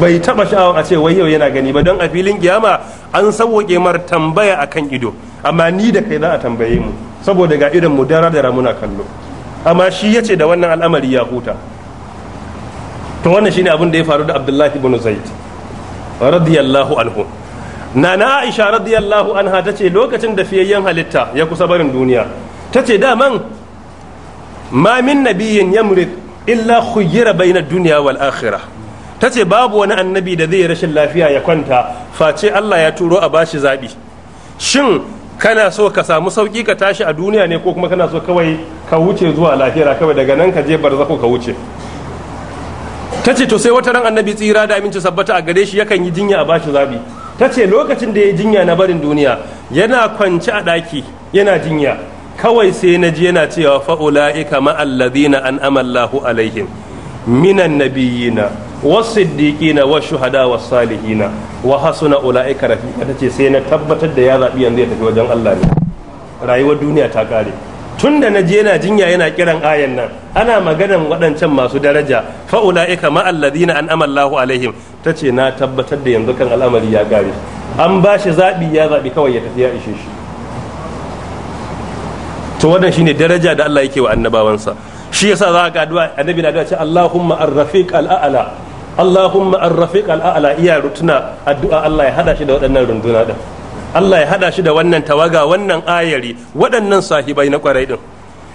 S1: bai taba sha'awar a ce wai yau yana gani ba don a filin kiyama an sauke mar tambaya akan ido amma ni da kai za a tambaye mu saboda ga idan mu dara da muna kallo amma shi ya ce da wannan al'amari ya huta to wannan shine abin da ya faru da Abdullahi ibn Zaid radiyallahu anhu nana Aisha radiyallahu anha tace lokacin da fiyayyen halitta ya kusa barin duniya tace daman ma min nabiyyin yamrid illa khuyyira bainar duniya wal akhirah ta ce babu wani annabi da zai rashin lafiya ya kwanta face Allah ya turo a bashi zaɓi shin kana so ka samu sauki ka tashi a duniya ne ko kuma kana so kawai ka wuce zuwa lahira kawai daga nan ka je barzako ka wuce ta ce to sai wata ran annabi tsira da aminci sabbata a gare shi yakan yi jinya a bashi zabi ta ce lokacin da ya yi jinya na barin duniya yana kwance a ɗaki yana jinya kawai sai na ji yana cewa fa'ula'ika ma'alladina an amallahu alaihim minan nabiyina wasiddiqina washuhada wasalihina wa hasuna ulaika rafiqa tace sai na tabbatar da ya zabi yanzu ya tafi wajen Allah ne rayuwar duniya ta kare tun da na je yana jinya yana kiran ayan nan ana maganan waɗancan masu daraja fa ulaika ma alladhina an'ama Allahu alaihim tace na tabbatar da yanzu kan al'amari ya gare an ba shi zabi ya zabi kawai ya tafi ya ishe shi to wannan shine daraja da Allah yake wa annabawansa shi yasa za ka addu'a annabi na ga ce Allahumma ar-rafiq al-a'la Allahumma arrafiq al'ala iya rutuna addu'a Allah ya hada shi da waɗannan runduna ɗin Allah ya hada shi da wannan tawaga wannan ayari waɗannan sahibai na kwarai ɗin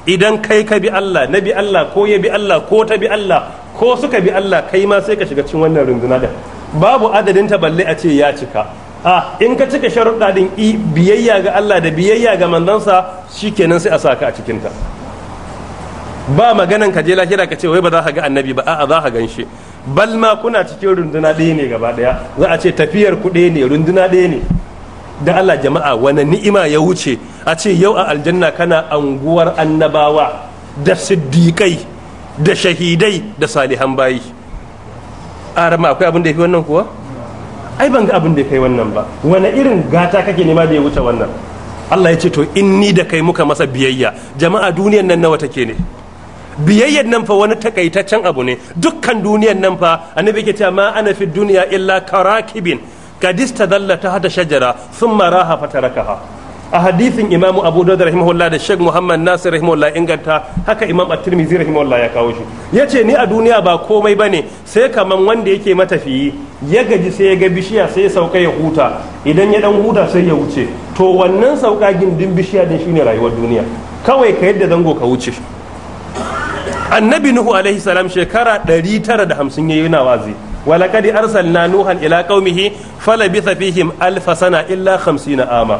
S1: idan kai ka bi Allah na bi Allah ko ya bi Allah ko ta bi Allah ko suka bi Allah kai ma sai ka shiga cikin wannan runduna ɗin babu adadin ta balle a ce ya cika a in ka cika sharuɗa ɗin biyayya ga Allah da biyayya ga shi shikenan sai a sa ka a cikinta ba maganan ka je lahira ka ce wai ba za ka ga annabi ba a'a za ka ganshi bal ma kuna cikin runduna ɗaya ne gaba ɗaya za a ce tafiyar ku ɗaya ne runduna ɗaya ne da Allah jama'a wani ni'ima ya wuce a ce yau a aljanna kana anguwar annabawa da siddiƙai da shahidai da salihan bayi rama akwai abin da ya fi wannan kuwa ai ban ga abin da ya kai wannan ba wani irin gata kake nema da ya wuce wannan Allah ya ce to in ni da kai muka masa biyayya jama'a duniyar nan nawa take ne biyayyan nan fa wani takaitaccen abu ne dukkan duniyar nan fa annabi yake cewa ma ana fi duniya illa karakibin kadista dalla ta hata shajara thumma raha fatarakaha a hadisin imamu abu dawud rahimahullah da sheikh muhammad nasir rahimahullah inganta haka imam at-tirmidhi rahimahullah ya kawo shi yace ni a duniya ba komai bane sai kaman wanda yake matafiyi ya gaji sai ya ga bishiya sai ya sauka ya huta idan ya dan huta sai ya wuce to wannan sauka gindin bishiya din shine rayuwar duniya kawai ka yadda zango ka wuce annabi nuhu alaihi salam shekara 950 yayi na wazi walaqad arsalna nuhan ila qaumihi falabitha fihim alf sana illa 50 ama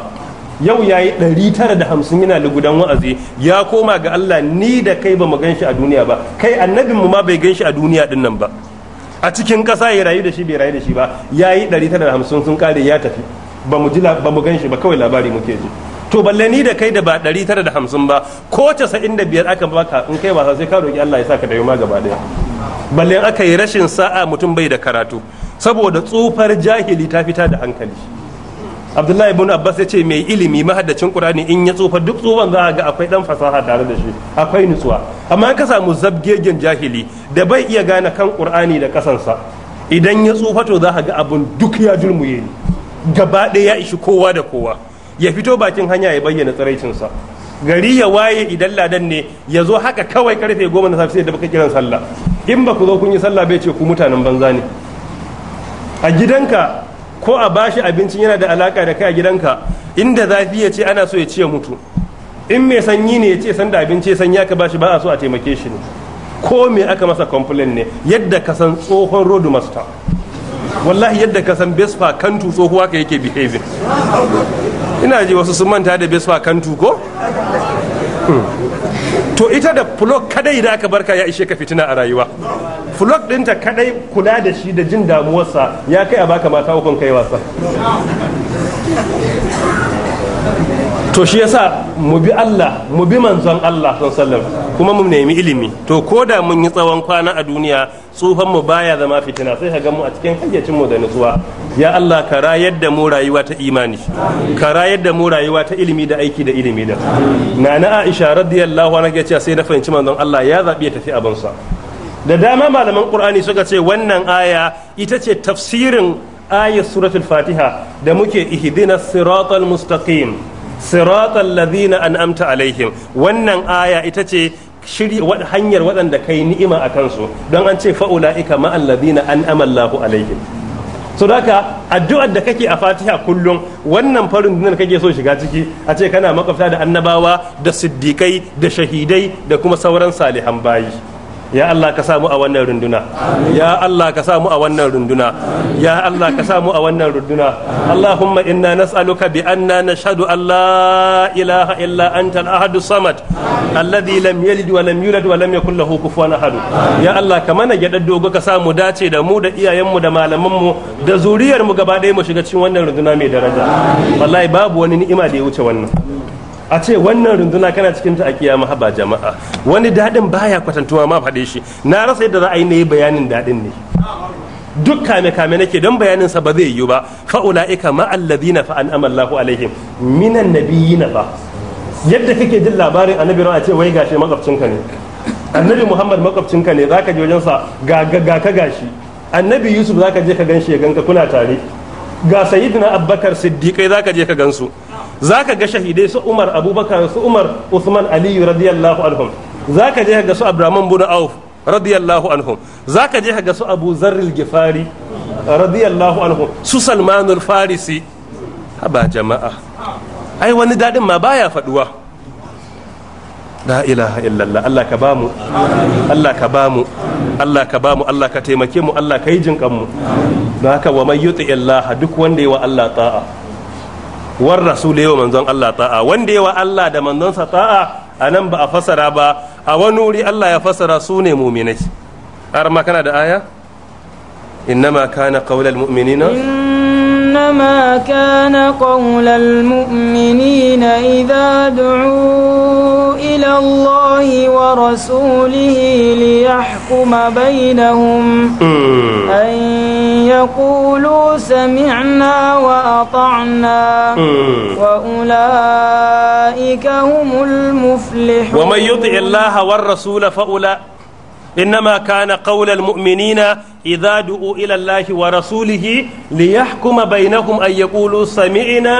S1: yau yayi 950 yana lugudan wa'azi ya koma ga Allah ni da kai ba mu ganshi a duniya ba kai annabin mu ma bai ganshi a duniya din nan ba a cikin ƙasa ya rayu da shi bai rayu da shi ba yayi 950 sun kare ya tafi ba mu ji ba mu ganshi ba kawai labari muke ji to balle ni da kai da ba 950 ba ko biyar aka baka in kai wasa sai ka roki Allah ya saka da yuma gaba daya balle aka yi rashin sa'a mutum bai da karatu saboda tsufar jahili ta fita da hankali Abdullahi ibn Abbas ya ce mai ilimi mahaddacin Qur'ani in ya tsufa duk tsufan za a ga akwai dan fasaha tare da shi akwai nutsuwa amma in ka samu zabgegen jahili da bai iya gane kan Qur'ani da kasansa idan ya tsufa to za a ga abun duk ya julmuye gaba ɗaya ya ishi kowa da kowa ya fito bakin hanya ya bayyana tsiraicinsa gari ya waye idan ladan ne ya zo haka kawai karfe goma na safe sai da baka kiran sallah in ba ku zo kun yi sallah bai ce ku mutanen banza ne a gidanka ko a bashi abincin yana da alaka da kai a gidanka inda zafi ya ce ana so ya ce mutu in mai sanyi ne ya ce san da abinci san ya ka bashi ba a so a taimake shi ne ko me aka masa complain ne yadda ka san tsohon road master wallahi yadda ka san bespa kantu tsohuwa ka yake behaving ina ji wasu sun manta da bespa kantu ko hmm. to ita da flog kadai da aka barka ya ishe ka fitina a rayuwa flok dinta kadai kula da shi da jin damuwarsa ya kai a baka mata ukun kai wasa to shi yasa mu bi Allah mu bi manzon Allah sallallahu kuma mu nemi ilimi to koda mun yi tsawon kwana a duniya tsufan mu baya zama fitina sai ka mu a cikin hayyacin mu da nutsuwa ya Allah ka rayar da mu rayuwa ta imani ka rayar da mu rayuwa ta ilimi da aiki da ilimi da nana Aisha radiyallahu anha ga cewa sai na fahimci manzon Allah ya zabi ya tafi abin sa da dama malaman Qur'ani suka ce wannan aya ita ce tafsirin ayat suratul Fatiha da muke ihdina siratal mustaqim siratal ladina an'amta alaihim wannan aya ita ce shirya hanyar waɗanda kai ni'ima a kansu don an ce fa'ula'ika ma'alladina an amallahu alaihim so haka addu'ar da kake a fatiha kullum wannan farin dinar kake so shiga ciki a ce kana makwabta da annabawa da siddiƙai da shahidai da kuma sauran salihan bayi ya Allah ka samu a wannan runduna ya Allah ka samu a wannan runduna ya Allah ka samu a wannan runduna Allahumma inna nas'aluka bi anna nashhadu an la ilaha illa anta al ahadus samad alladhi lam yalid wa lam yulad wa lam yakul lahu kufuwan ahad ya Allah ka mana gyadar dogo ka samu dace da mu da iyayen mu da malaman mu da zuriyar mu gaba ɗaya mu shiga cikin wannan runduna mai daraja wallahi babu wani ni'ima da ya wuce wannan a ce wannan runduna kana cikin ta a kiyama haba jama'a wani dadin baya kwatantuwa ma faɗe shi na rasa yadda za a yi na yi bayanin dadin ne duk kame kame nake don bayanin sa ba zai yiwu ba fa ulaika ma alladhina fa an'ama Allahu alaihim minan nabiyina fa yadda kake jin labarin annabi ran a ce wai gashi makwabcinka ne annabi Muhammad makwabcinka ne zaka je wajen sa ga ga ka gashi annabi Yusuf zaka je ka ganshi ya ganka kuna tare ga sayyidina Abubakar Siddiqai zaka je ka gansu zaka ga shahidai su Umar Abubakar su Umar Usman Ali radiyallahu anhum zaka je ga su Abraman bin Auf radiyallahu anhum zaka je ga su Abu Zarril Gifari radiyallahu anhum su Salmanul Farisi haba jama'a ai wani dadin ma baya faduwa la ilaha illallah Allah ka bamu Allah ka bamu Allah ka bamu Allah ka taimake mu Allah ka yi jinkan mu don haka wa mai yuti duk wanda yi wa Allah ta'a war rasul yau manzon Allah ta'a wanda yawa Allah da manzonsa ta'a a nan ba a fasara ba a wani wuri Allah ya fasara su ne muminai har ma kana da aya innama kana qaulal mu'minina
S2: إنما كان قول المؤمنين إذا دعوا إلى الله ورسوله ليحكم بينهم أن يقولوا سمعنا وأطعنا وأولئك هم المفلحون
S1: ومن يطع الله والرسول فأولئك إنما كان قول المؤمنين إذا دعوا إلى الله ورسوله ليحكم بينهم أن يقولوا سمعنا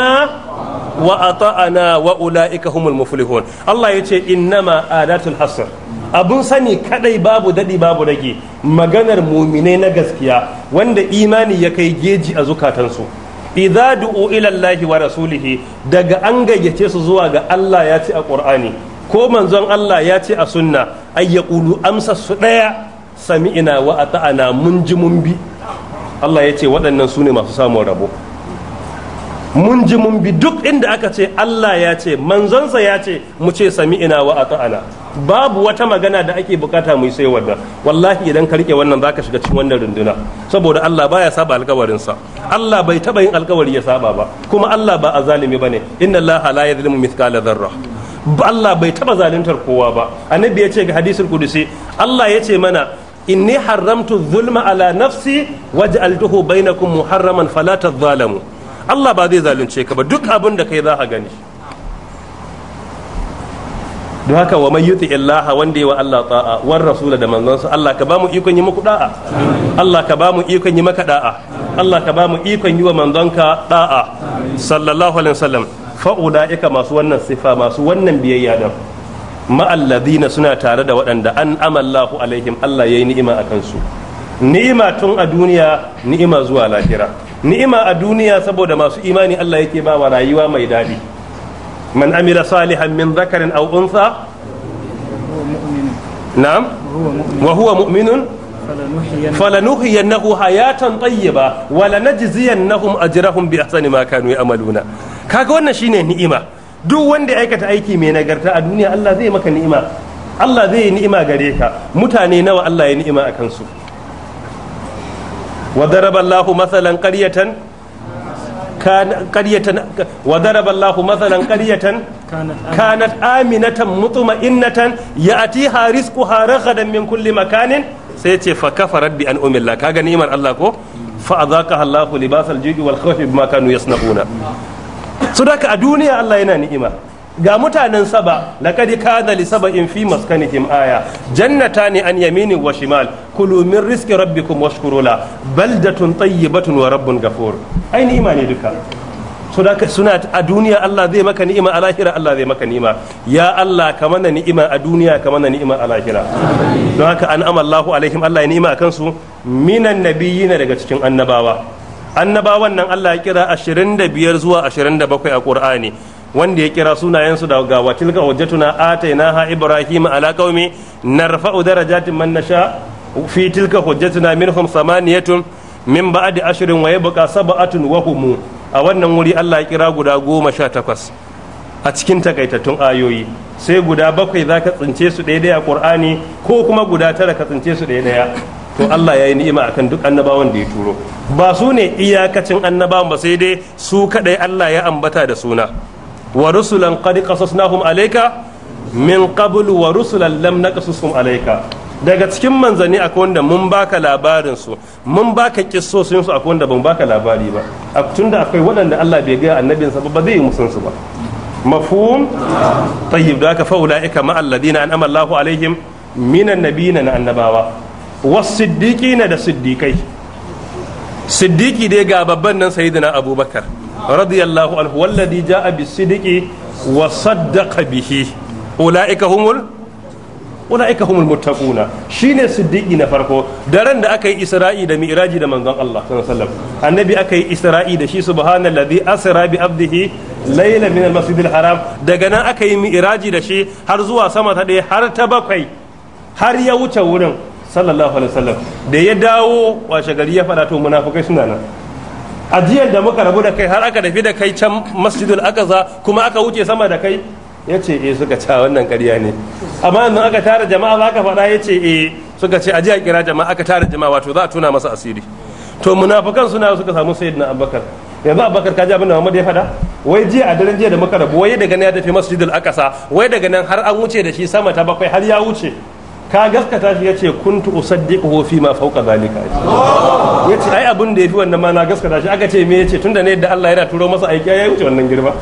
S1: وأطعنا وأولئك هم المفلحون الله يتي إنما آلات الحصر abun sani kadai babu dadi babu rage maganar muminai na gaskiya wanda imani ya kai geji a zukatansu idza du'u ila Allahi wa rasulihi daga an gayyace su zuwa ga Allah ya ce a Qur'ani ko manzon Allah ya ce a sunna ayyakulu amsa su daya ina wa ta'ana mun ji mun bi Allah ya ce waɗannan su ne masu samun rabo mun ji mun bi duk inda aka ce Allah ya ce manzonsa ya ce mu ce ina wa ta'ana babu wata magana da ake bukata mu yi sai wannan wallahi idan ka rike wannan zaka shiga cikin wannan runduna saboda Allah baya saba alkawarin sa Allah bai taba yin alkawari ya saba ba kuma Allah ba azalimi bane inna Allah la yadhlimu mithqala dharra Allah bai taba zalintar kowa ba annabi ya ce ga hadisul kudusi Allah ya ce mana inni haramtu zulma ala nafsi waj'altuhu bainakum muharraman fala tadhalamu Allah ba zai zalunce ka ba duk abin da kai za a gani don haka wa man yuti illaha wanda yawa Allah ta'a war rasul da manzonsa Allah ka ba mu ikon yi muku da'a Allah ka ba mu ikon yi maka da'a Allah ka ba mu ikon yi wa manzonka da'a sallallahu alaihi wasallam fa'ula'ika masu wannan sifa masu wannan biyayya da ma'alladina suna tare da waɗanda an amallahu alaihim Allah ya yi ni'ima a kansu ni'ima tun a duniya ni'ima zuwa lahira ni'ima a duniya saboda masu imani Allah yake ba wa rayuwa mai daɗi man amila salihan min zakarin aw unsa na'am wa huwa mu'minun falanuhiyannahu hayatan tayyiba wa lanajziyannahum ajrahum bi ahsani ma kanu ya'maluna kaga wannan shi ne ni'ima duk wanda ya aikata aiki mai nagarta a duniya Allah zai maka ni'ima Allah zai yi ni'ima gare ka mutane nawa Allah ya ni'ima a kansu wa daraba Allahu masalan qaryatan qaryatan wa daraba kanat aminatan mutma'innatan min kulli makanin sai ce fa kafarat bi an'umil ka kaga ni'imar Allah ko fa azaqaha Allahu libasal jui wal khawfi bima kanu yasna'una su daga a duniya Allah yana ni'ima ga mutanen saba laqad kada li in fi maskanikum aya ni an yamini wa shimal kulu min rizqi rabbikum washkuru la baldatun tayyibatun wa rabbun ghafur ai ni'ima ne duka suna a duniya Allah zai maka ni'ima a lahira Allah zai maka ni'ima ya Allah ka mana ni'ima a duniya ka mana ni'ima a lahira don haka an amallahu alaihim Allah ya ni'ima a su minan nabiyina daga cikin annabawa annabawan nan Allah ya kira 25 zuwa 27 a Qur'ani wanda ya kira sunayen su da ga wa tilka hujjatuna atainaha ibrahim ala qaumi narfa'u darajatin man nasha fi tilka hujjatuna minhum samaniyatun min ba'di ashrin wa yabqa sab'atun wa hum a wannan wuri Allah ya kira guda goma sha takwas a cikin takaitattun ayoyi sai guda bakwai zaka tsince su ɗaya a Qur'ani ko kuma guda tara ka tsince su ɗaya to Allah ya yi ni'ima akan duk annabawan da ya turo ba su ne iyakacin annabawan ba sai dai su kadai Allah ya ambata da suna wa rusulan qad qasasnahum alayka min qablu wa rusulan lam naqasusum alayka daga cikin manzani akwai wanda mun baka labarin su mun baka kissosin su akwai wanda ban baka labari ba tunda akwai waɗanda Allah bai ga annabinsa ba ba zai yi musun su ba mafhum tayyib da ka fa ulaika ma alladina an'ama Allahu alaihim minan nabiyina na annabawa na da siddiqai siddiqi dai ga babban nan saidina abubakar radiyallahu anhu walladhi ja'a bisiddiqi wa saddaqa bihi ulaika humul ulaika humul muttaquna shine sidiki na farko daren da aka yi isra'i da mi'raji da manzon Allah sallallahu alaihi wasallam annabi aka yi isra'i da shi subhanalladhi asra bi abdihi layla min haram daga nan aka yi mi'raji da shi har zuwa sama ta ɗaya har ta bakwai har ya wuce wurin sallallahu alaihi wasallam da ya dawo washe gari ya fara to munafikai suna nan ajiyar da muka rabu da kai har aka dafi da kai can masjidul aqsa kuma aka wuce sama da kai yace eh suka ca wannan ƙarya ne amma yanzu aka tara jama'a ba ka faɗa yace eh suka ce ajiya kira jama'a aka tara jama'a wato za a tuna masa asiri to munafikan suna suka samu sayyidina abubakar yanzu abubakar kaji abin da muhammad ya faɗa wai jiya a daren jiya da muka rabu wai daga nan ya tafi masjidul aqsa wai daga nan har an wuce da shi sama ta bakwai har ya wuce ka gaskata shi yace kuntu usaddiquhu fi ma fawqa zalika yace ai abin da yafi wannan ma na gaskata shi aka ce me yace tunda ne yadda Allah yana turo masa aiki ya wuce wannan girma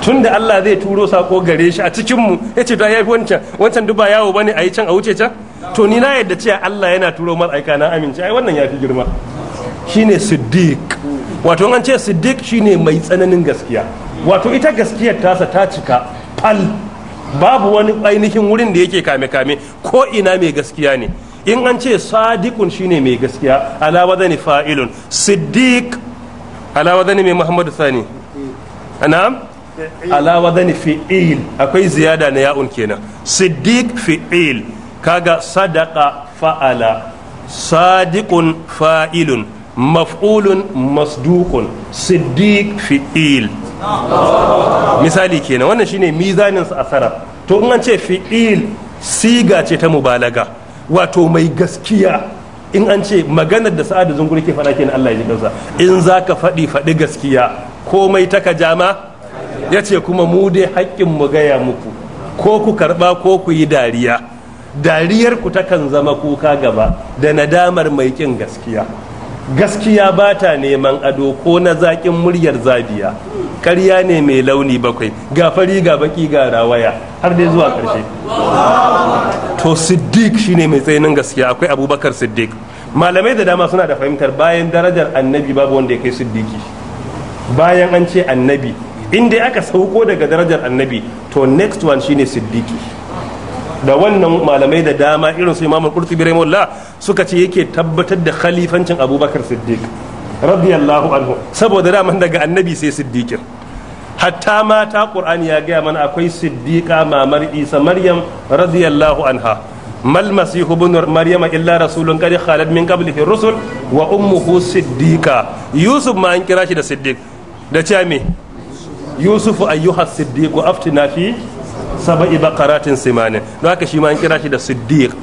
S1: tunda Allah zai turo sako gare shi a cikin mu yace to yafi wancan wancan duba yawo bane ayi can a wuce can to ni na yadda cewa Allah yana turo mala'ika na amince ai wannan yafi girma shine siddiq wato an ce siddiq shine mai tsananin gaskiya wato ita gaskiyar tasa ta cika fal babu wani ainihin wurin da yake kame kame ko ina mai gaskiya ne in an ce sadiqun shine mai gaskiya ala wadani fa'ilun siddiq ala wadani mai muhammadu sani na'am ala wadani fi'il akwai ziyada na ya'un kenan siddiq fi'il kaga sadaqa fa'ala sadiqun fa'ilun maf'ulun masduqun siddiq fi'il misali kenan wannan shine mizanin su asara to in an ce fi'il siga ce ta mubalaga wato mai gaskiya in an ce maganar da sa'adu zunguri ke faɗa kenan Allah ya ji dausa in zaka faɗi faɗi gaskiya komai taka jama ya ce kuma mu dai haƙƙin mu gaya muku ko ku karɓa ko ku yi dariya dariyar ku takan zama kuka gaba da nadamar mai ƙin gaskiya gaskiya ba ta neman ado ko na zaƙin muryar zabiya karya ne mai launi bakwai ga fari ga baki ga rawaya har dai zuwa ƙarshe to siddiq shine mai tsayinin gaskiya akwai abubakar siddiq malamai da dama suna da fahimtar bayan darajar annabi babu wanda ya kai siddiki bayan an ce annabi in dai aka sauko daga darajar annabi to next one shine siddiki da wannan malamai da dama irin su imamul qurtubi rahimahullah suka ce yake tabbatar da khalifancin abubakar siddiq radiyallahu anhu saboda daman daga annabi sai siddiqin hatta mata qur'ani ya gaya mana akwai siddiqa mamar isa maryam radiyallahu anha mal masih ibn maryam illa rasulun qad khalad min qablihi rusul wa ummuhu siddiqa yusuf ma an kira shi da siddiq da cewa me yusuf ayyuha siddiq aftina fi saba'i baqaratin simanin don haka shi ma an kira shi da siddiq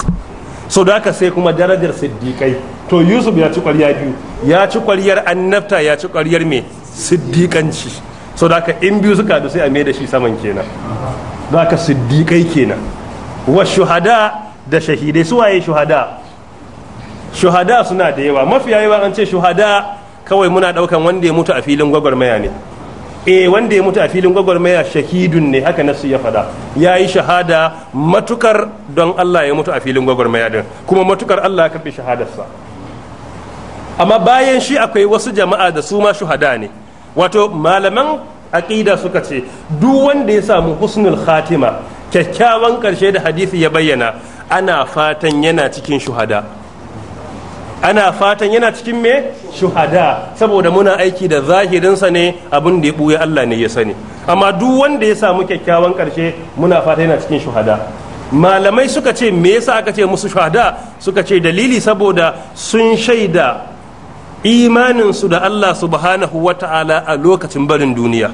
S1: so da haka sai kuma darajar siddiqai to yusuf ya ci kwarya biyu ya ci kwaryar annabta ya ci kwaryar mai siddiqanci so da haka in biyu suka sai a mai da shi saman kenan da haka siddiqai kenan wa shuhada da shahidai su waye shuhada shuhada suna da yawa mafiya yawa an ce shuhada kawai muna daukan wanda ya mutu a filin gwagwarmaya ne E wanda ya mutu a filin gwagwarmaya shahidun ne haka nasu ya fada ya yi shahada matukar don Allah ya mutu a filin gwagwarmaya din kuma matukar Allah ya karbi shahadarsa amma bayan shi akwai wasu jama'a da su ma shuhada ne wato malaman aqida suka ce duk wanda ya samu husnul khatima kyakkyawan ƙarshe da hadisi ya bayyana ana fatan yana cikin shuhada ana fatan yana cikin me shuhada saboda muna aiki da zahirinsa ne abin da ya buya Allah ne ya sani amma duk wanda ya samu kyakkyawan karshe muna fata yana cikin shuhada malamai suka ce me yasa aka ce musu shuhada suka ce dalili saboda sun shaida imaninsu da Allah subhanahu ta'ala a lokacin barin duniya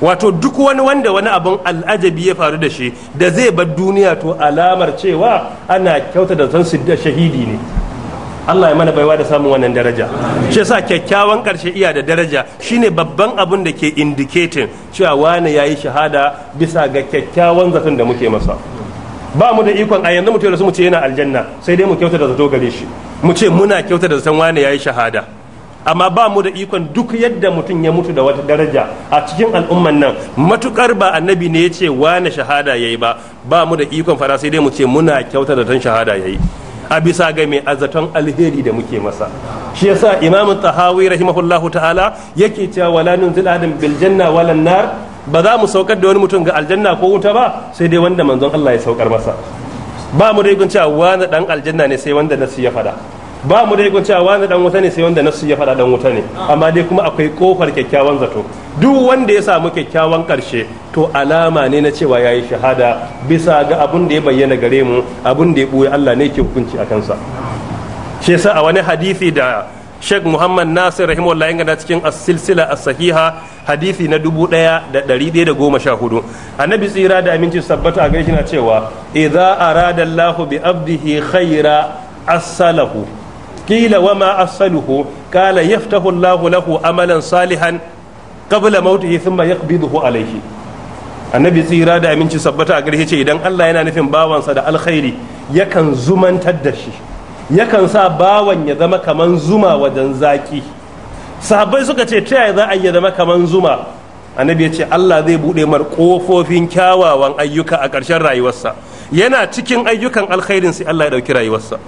S1: wato duk wani wanda wani abin al'ajabi ya faru da shi da zai bar duniya to alamar cewa ana kyauta da zan shahidi ne Allah ya mana baiwa da samun wannan daraja shi yasa kyakkyawan karshe iya da daraja shine babban abun da ke indicating cewa wani yayi shahada bisa ga kyakkyawan zaton da muke masa ba mu da ikon a yanzu mutum da su mu ce yana aljanna sai dai mu kyauta da zato gare shi mu ce muna kyauta da zaton wani yayi shahada amma ba mu da ikon duk yadda mutum ya mutu da wata daraja a cikin al'umman nan matukar ba annabi ne ya ce wane shahada yayi ba ba mu da ikon fara sai dai mu ce muna kyauta da zaton shahada yayi a bisa ga mai azaton alheri da muke masa shi yasa imamun tahawi rahimahullahu ta'ala yake cewa wala nunzil adam bil janna wala nar ba za mu saukar da wani mutum ga aljanna ko wuta ba sai dai wanda manzon Allah ya saukar masa ba mu dai cewa wani dan aljanna ne sai wanda nasu ya fada ba mu da ikon cewa wani dan wuta ne sai wanda nasu ya fada dan wuta ne amma dai kuma akwai kofar kyakkyawan zato duk wanda ya samu kyakkyawan karshe to alama ne na cewa yayi shahada bisa ga abun da ya bayyana gare mu abun da ya buya Allah ne ke hukunci a kansa shi yasa a wani hadisi da Sheikh Muhammad Nasir rahimahullah ya gada cikin as-silsila as-sahiha hadisi na 1114 annabi tsira da aminci sabbata a gaishe na cewa idza arada Allahu bi abdihi khaira asalahu قيل وما asaluhu قال يفتح الله له أملا صالحا قبل موته ثم يقبضه عليه annabi tsira da aminci sabbata a gare ce idan Allah yana nufin bawansa da alkhairi yakan zumantar da shi yakan sa bawan ya zama kaman zuma wajen zaki sahabbai suka ce ta yaya za a ya zama kaman zuma annabi ya ce Allah zai buɗe mar ƙofofin kyawawan ayyuka a ƙarshen rayuwarsa yana cikin ayyukan alkhairin sai Allah ya dauki rayuwarsa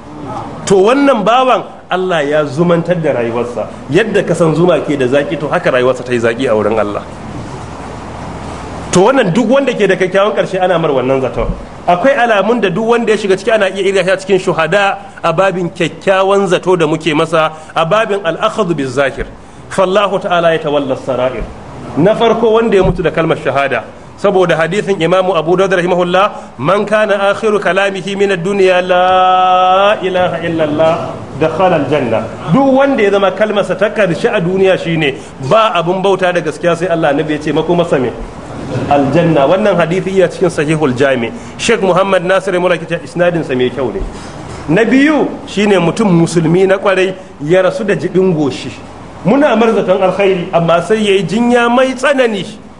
S1: to wannan bawan Allah ya zumantar da rayuwarsa yadda ka san zuma ke da zaki to haka rayuwarsa ta yi zaki a wurin Allah to wannan duk wanda ke da kyakkyawan karshe ana mar wannan zaton akwai alamun da duk wanda ya shiga ciki ana iya iya cikin shuhada a babin kyakkyawan zato da muke masa a babin al'akhadhu bizakir fallahu ta'ala ya tawalla sara'ir na farko wanda ya mutu da kalmar shahada saboda hadisin imamu abu dawud rahimahullah man kana akhiru kalamihi min ad-dunya la ilaha illallah dakhala al-janna duk wanda ya zama kalmarsa ta karshe a duniya shine ba abun bauta da gaskiya sai Allah annabi ya ce mako masa me aljanna wannan hadithi ya cikin sahihul jami sheikh muhammad nasir muraki ta isnadin sa mai kyau ne na biyu shine mutum musulmi na kwarai ya rasu da jibin goshi muna marzaton alkhairi amma sai yayi jinya mai tsanani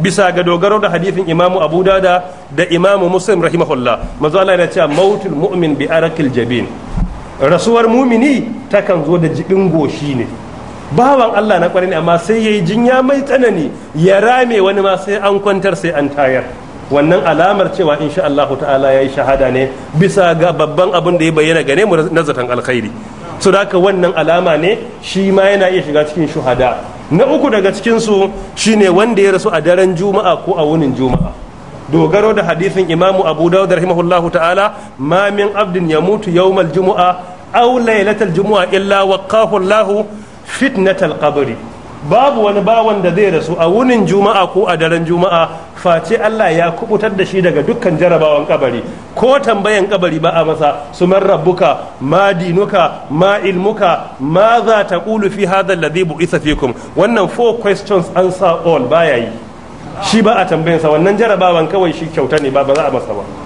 S1: bisa ga dogaro da hadithin imamu abu dada da imamu muslim rahimahullah mazu Allah yana cewa mautul mu'min bi arakil jabin rasuwar mumini takan zo da jibin goshi ne bawan Allah na kwarin amma sai yayi jinya mai tsanani ya rame wani ma sai an kwantar sai an tayar wannan alamar cewa in sha allahu ta'ala yayi shahada ne bisa ga babban abin da ya bayyana ganemu mu nazatan alkhairi so da wannan alama ne shi ma yana iya shiga cikin shuhada na uku daga cikinsu shine wanda ya rasu a daren juma'a ko a wunin juma'a dogaro da hadisin imamu abu dawud rahimahullahu ta'ala ma min abdin ya mutu yawmal juma'a aw laylatal juma'a illa waqahu allah fitnatal qabri babu wani bawan da zai rasu a wunin juma'a ko a daren juma'a face Allah ya kubutar da shi daga dukkan jarabawan kabari ko tambayan kabari ba a masa su man rabbuka ma dinuka ma ilmuka ma za ta kulu fi hadha alladhi bu'itha fikum wannan four questions answer all ba yi shi ba a tambayansa wannan jarabawan kawai shi kyauta ne ba ba za a masa ba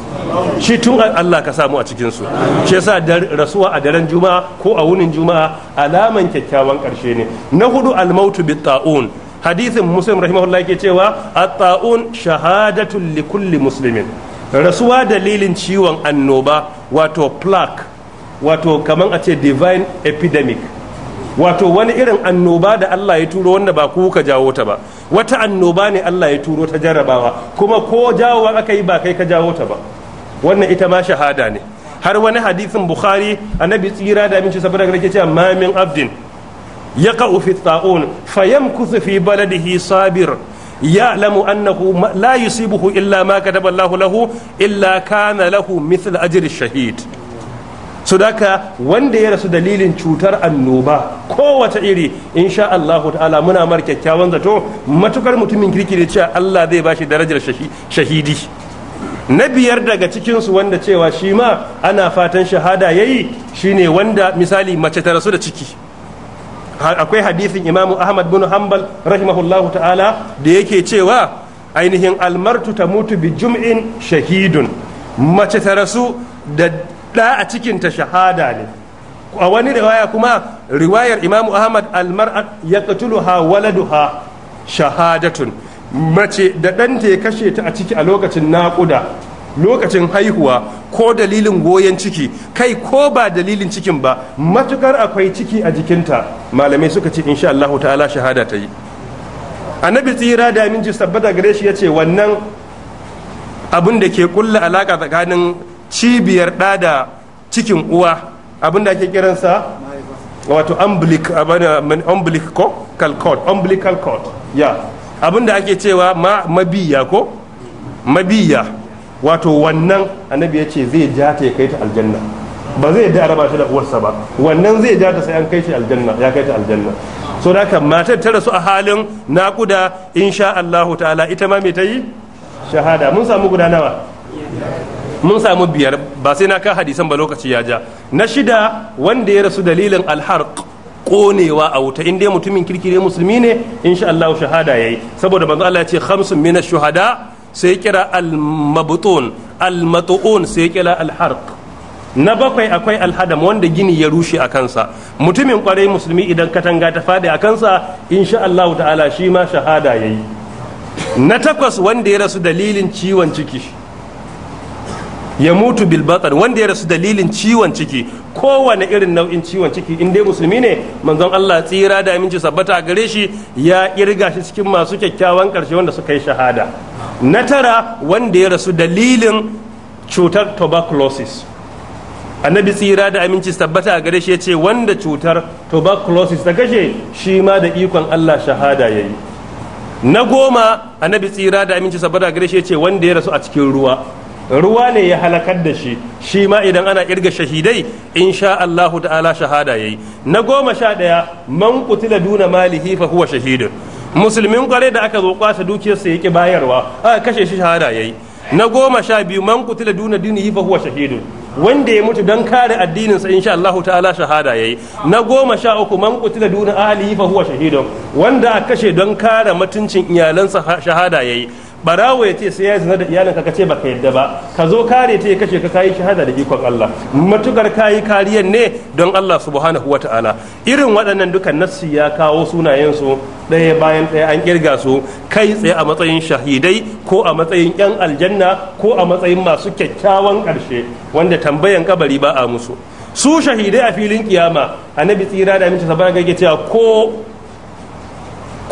S1: shi tun Allah ka samu a cikin su shi yasa rasuwa a daren juma'a ko a wunin juma'a alaman kyakkyawan karshe ne na hudu almautu bi ta'un hadisin muslim rahimahullah yake cewa at-ta'un shahadatun li kulli muslimin rasuwa dalilin ciwon annoba wato plaque wato kaman a ce divine epidemic wato wani irin annoba da Allah ya turo wanda ba ku ka jawo ta ba wata annoba ne Allah ya turo ta jarrabawa kuma ko jawowa aka yi ba kai ka jawo ta ba wannan ita ma shahada ne har wani hadisin bukhari annabi tsira da aminci saboda gare cewa ma min abdin yaqa'u fi ta'un fayamkuthu fi baladihi sabir يعلم أنه illa يصيبه إلا ما كتب lahu illa kana lahu له مثل أجر الشهيد sudaka wanda ya rasu dalilin cutar annoba kowace iri insha Allahu ta'ala muna mar kyakkyawan zato matukar mutumin kirki da cewa Allah zai bashi darajar shahidi na biyar daga cikinsu wanda cewa shi ma ana fatan shahada ya yi shi ne wanda misali mace ta rasu da ciki akwai hadithin imamu ahmad bin hanbal rahimahullahu ta'ala da yake cewa ainihin almartu ta mutu bi jum'in shahidun mace ta rasu da ɗa a cikinta shahada ne a wani riwaya kuma riwayar imamu ahmad almar'at yaqtuluha waladuha shahadatun mace da ɗanta ya kashe ta a ciki a lokacin naƙuda lokacin haihuwa ko dalilin goyon ciki kai ko ba dalilin cikin ba matukar akwai ciki a jikinta malamai suka ce insha Allah ta'ala shahada ta yi annabi tsira da aminci sabbata gare shi ya ce wannan abin da ke kulla alaka tsakanin cibiyar ɗa da cikin uwa abin da ake kiransa wato umbilical umbilical cord ya abinda ake cewa ma mabiya ko mabiya wato wannan annabi ya ce zai ja ta ya kai ta aljanna ba zai da araba shi da uwarsa ba wannan zai ja ta sai an kai shi aljanna ya kai ta aljanna so da haka matar ta rasu a halin naƙuda insha Allahu ta'ala ita ma me ta yi shahada mun samu guda nawa mun samu biyar ba sai na ka hadisan ba lokaci ya ja na shida wanda ya rasu dalilin alharq konewa a wuta in dai mutumin kirkire musulmi ne insha Allah shahada yayi saboda manzo Allah ya ce khamsun min shuhada sai kira al-mabtun al-mat'un sai kira al-harq na bakwai akwai alhadam wanda gini ya rushe a kansa mutumin kwarai musulmi idan katanga ta fadi a kansa insha Allah ta'ala shi ma shahada yayi na takwas wanda ya rasu dalilin ciwon ciki ya mutu bilbatar wanda ya rasu dalilin ciwon ciki kowane irin nau'in ciwon ciki in dai musulmi ne manzon Allah tsira da aminci sabbata a gare shi ya kirga shi cikin masu kyakkyawan karshe wanda suka yi shahada na tara wanda ya rasu dalilin cutar tuberculosis annabi tsira da aminci tabbata a gare shi ya ce wanda cutar tuberculosis ta kashe shi ma da ikon Allah shahada ya yi na goma annabi tsira da aminci tabbata a gare shi ya ce wanda ya rasu a cikin ruwa ruwa ne ya halakar da shi shi ma idan ana kirga shahidai sha Allahu ta'ala shahada yayi na goma sha daya man kutila duna malihi fa huwa shahidun musulmin kware da aka zo kwasa sa yake bayarwa aka kashe shi shahada yayi na goma sha biyu man kutila duna dinihi fa huwa shahidun wanda ya mutu don kare addininsa insha Allahu ta'ala shahada yayi na goma sha uku man kutila duna ahlihi fa huwa shahidun wanda aka kashe don kare mutuncin iyalansa shahada yayi barawo ya ce sai ya zina da iyalinka ka ce baka yadda ba ka zo kare ta ya kashe ka kayi shahada da ikon Allah matukar kayi kariyar ne don Allah subhanahu wa ta'ala irin waɗannan duka nassi ya kawo sunayen su ɗaya bayan ɗaya an kirga su kai tsaye a matsayin shahidai ko a matsayin yan aljanna ko a matsayin masu kyakkyawan ƙarshe wanda tambayan kabari ba a musu su shahidai a filin kiyama annabi tsira da aminci sabana ga cewa ko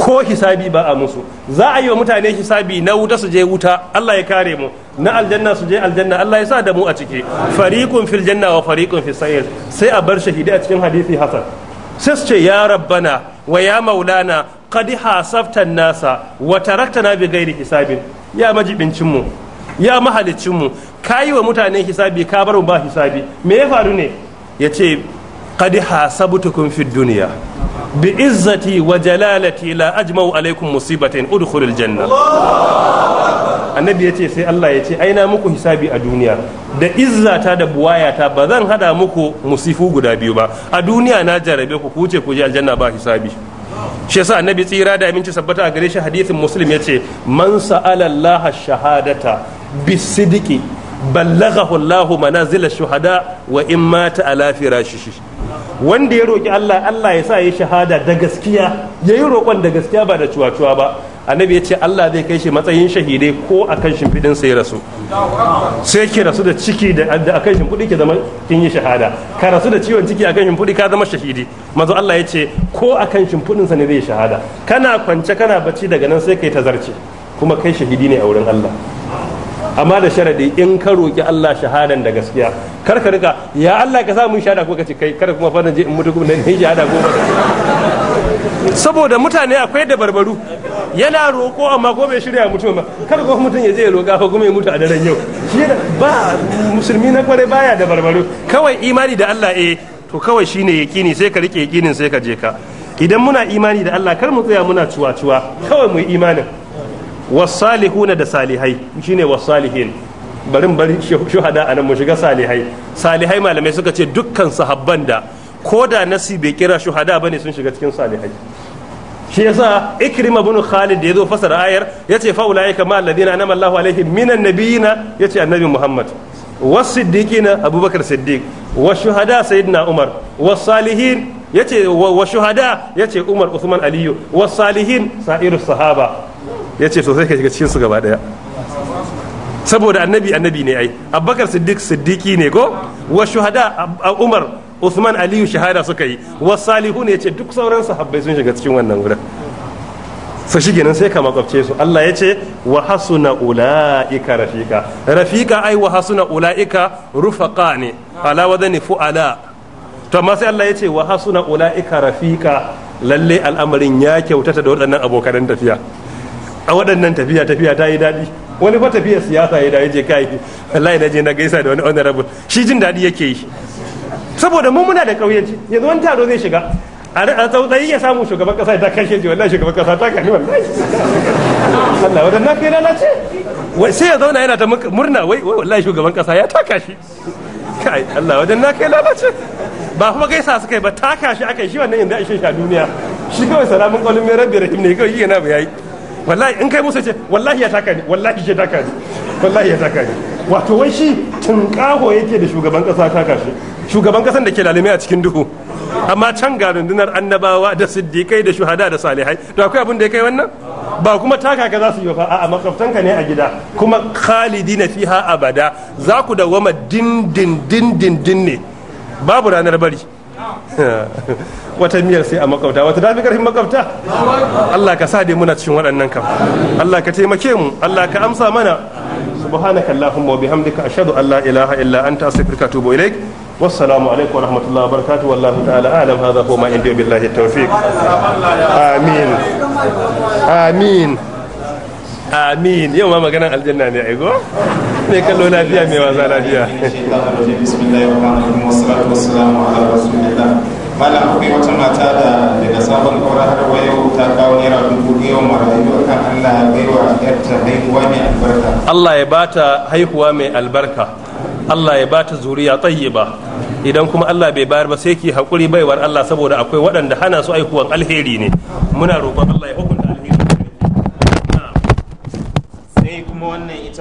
S1: ko hisabi ba a musu za a yi wa mutane hisabi na wuta su je wuta Allah ya kare mu na aljanna su je aljanna Allah ya sa da mu a ciki fariqun fil janna wa fariqun fis sa'ir sai a bar shahidi a cikin hadisi hasan sai su ce ya rabbana wa ya maulana qad hasafta nasa wa na bi ghairi hisabin ya majibincin mu ya mahalicin mu yi wa mutane hisabi ka bar mu ba hisabi me ya faru ne yace qad hasabtukum fid dunya bi izzati wa jalalati la ajma'u alaikum musibatin udkhulul janna annabi yace sai Allah ya ce aina muku hisabi a duniya da izzata da buwayata ba zan hada muku musifu guda biyu ba a duniya na jarabe ku kuce ku je aljanna ba hisabi shi yasa annabi tsira da aminci sabbata a gare shi hadithin muslim yace man sa'ala Allah shahadata bisidiki ballaghahu allahu manazil shuhada wa in mata ala shi wanda ya roƙi Allah Allah ya sa ya shahada da gaskiya ya yi roƙon da gaskiya ba da cuwa-cuwa ba annabi ya ce Allah zai kai shi matsayin shahidai ko a kan shimfiɗin sai rasu sai ki rasu da ciki da a kan shimfiɗi ki zama kin yi shahada ka rasu da ciwon ciki a kan shimfiɗi ka zama shahidi mazu Allah ya ce ko a kan shimfiɗinsa ne zai shahada kana kwance kana bacci daga nan sai ka kai tazarce kuma kai shahidi ne a wurin Allah amma da sharadi in ka roki Allah shahadan da gaskiya kar ka rika ya Allah ka sa mun shahada kuma ka ce kai kar kuma fa je in mutu kuma ne shahada goma saboda mutane akwai da barbaru yana roko amma ko bai shirya mutu ba kar ko mutun ya je ya roka ko kuma ya mutu a daren yau shi ba musulmi na kware baya da barbaru kawai imani da Allah eh to kawai shine yaqini sai ka rike yaqinin sai ka je ka idan muna imani da Allah kar mu tsaya muna cuwa-cuwa kawai mu yi imanin wasalihuna da salihai shine wasalihin barin bari shuhada anan mu shiga salihai salihai malamai suka ce dukkan sahabban da ko da nasi bai kira shuhada bane sun shiga cikin salihai shi yasa ikrima ibn khalid da yazo fasara ayar yace fa ulaika ma alladhina anama Allahu alaihim minan nabiyina yace annabi Muhammad wasiddiqina abubakar siddiq washuhada sayyidina umar wasalihin yace washuhada yace umar usman aliyu wasalihin sa'iru sahaba ya ce sosai ka shiga cikin su gaba daya saboda annabi annabi ne ai abubakar siddiq siddiqi ne ko wa shuhada umar usman aliyu shahada suka yi wa salihu ne ya ce duk sauran sahabbai sun shiga cikin wannan wurin su shige nan sai ka makwabce su Allah ya ce wa hasuna ula'ika rafika rafika ai wa hasuna ula'ika rufaqa ne ala fu fu'ala to amma sai Allah ya ce wa hasuna ula'ika rafika lalle al'amarin ya kyautata da waɗannan abokan tafiya a waɗannan tafiya tafiya ta yi daɗi wani fa tafiya siyasa ya dawo je kai wallahi na je na gaisa da wani honorable shi jin daɗi yake yi saboda mu muna da ƙauyenci yanzu wani taro zai shiga a tsautsayi ya samu shugaban kasa ta kashe ji wallahi shugaban kasa ta kashe wallahi Allah wadannan kai lalace sai ya zauna yana ta murna wai wallahi shugaban kasa ya taka shi kai Allah wadannan kai lalace ba kuma gaisa suka yi ba taka shi aka yi shi wannan yanzu a shi a duniya shi kawai salamun kalin mai rabbi rahim ne kawai yana bayani wallahi in kai musu ce wallahi ya taka ni wallahi ya taka ni wallahi ya taka ni wato wai shi tunƙaho yake da shugaban kasa taka shi shugaban kasan da ke lalime a cikin duhu amma can ga rundunar annabawa da siddiƙai da shuhada da salihai to akwai abin da ya kai wannan ba kuma taka ka za su yi fa a'a makwabtanka ne a gida kuma khalidina fiha abada za ku dawwama dindin dindin din ne babu ranar bari wata miyar sai a makauta wata dafi karfin makauta Allah ka sa dai muna cikin waɗannan kam Allah ka taimake mu Allah ka amsa mana subhanaka allahumma wa bihamdika ashhadu an la ilaha illa anta astaghfiruka wa atubu ilaik wassalamu alaikum wa rahmatullahi wa barakatuh wallahu ta'ala a'lam hadha huwa ma indi billahi tawfiq amin amin amin yau ma maganan aljanna ne aigo ne kallo lafiya mai wasa lafiya
S3: malam akwai wata mata da daga sabon kawar har wa yau ta kawo naira dubu biyu marayu kan allah ya baiwa yarta haihuwa mai albarka
S1: allah ya bata haihuwa mai albarka allah ya bata zuriya tayyiba idan kuma Allah bai bayar ba sai ki haƙuri baiwar Allah saboda akwai waɗanda hana su aikuwan
S3: alheri ne muna roƙon Allah ya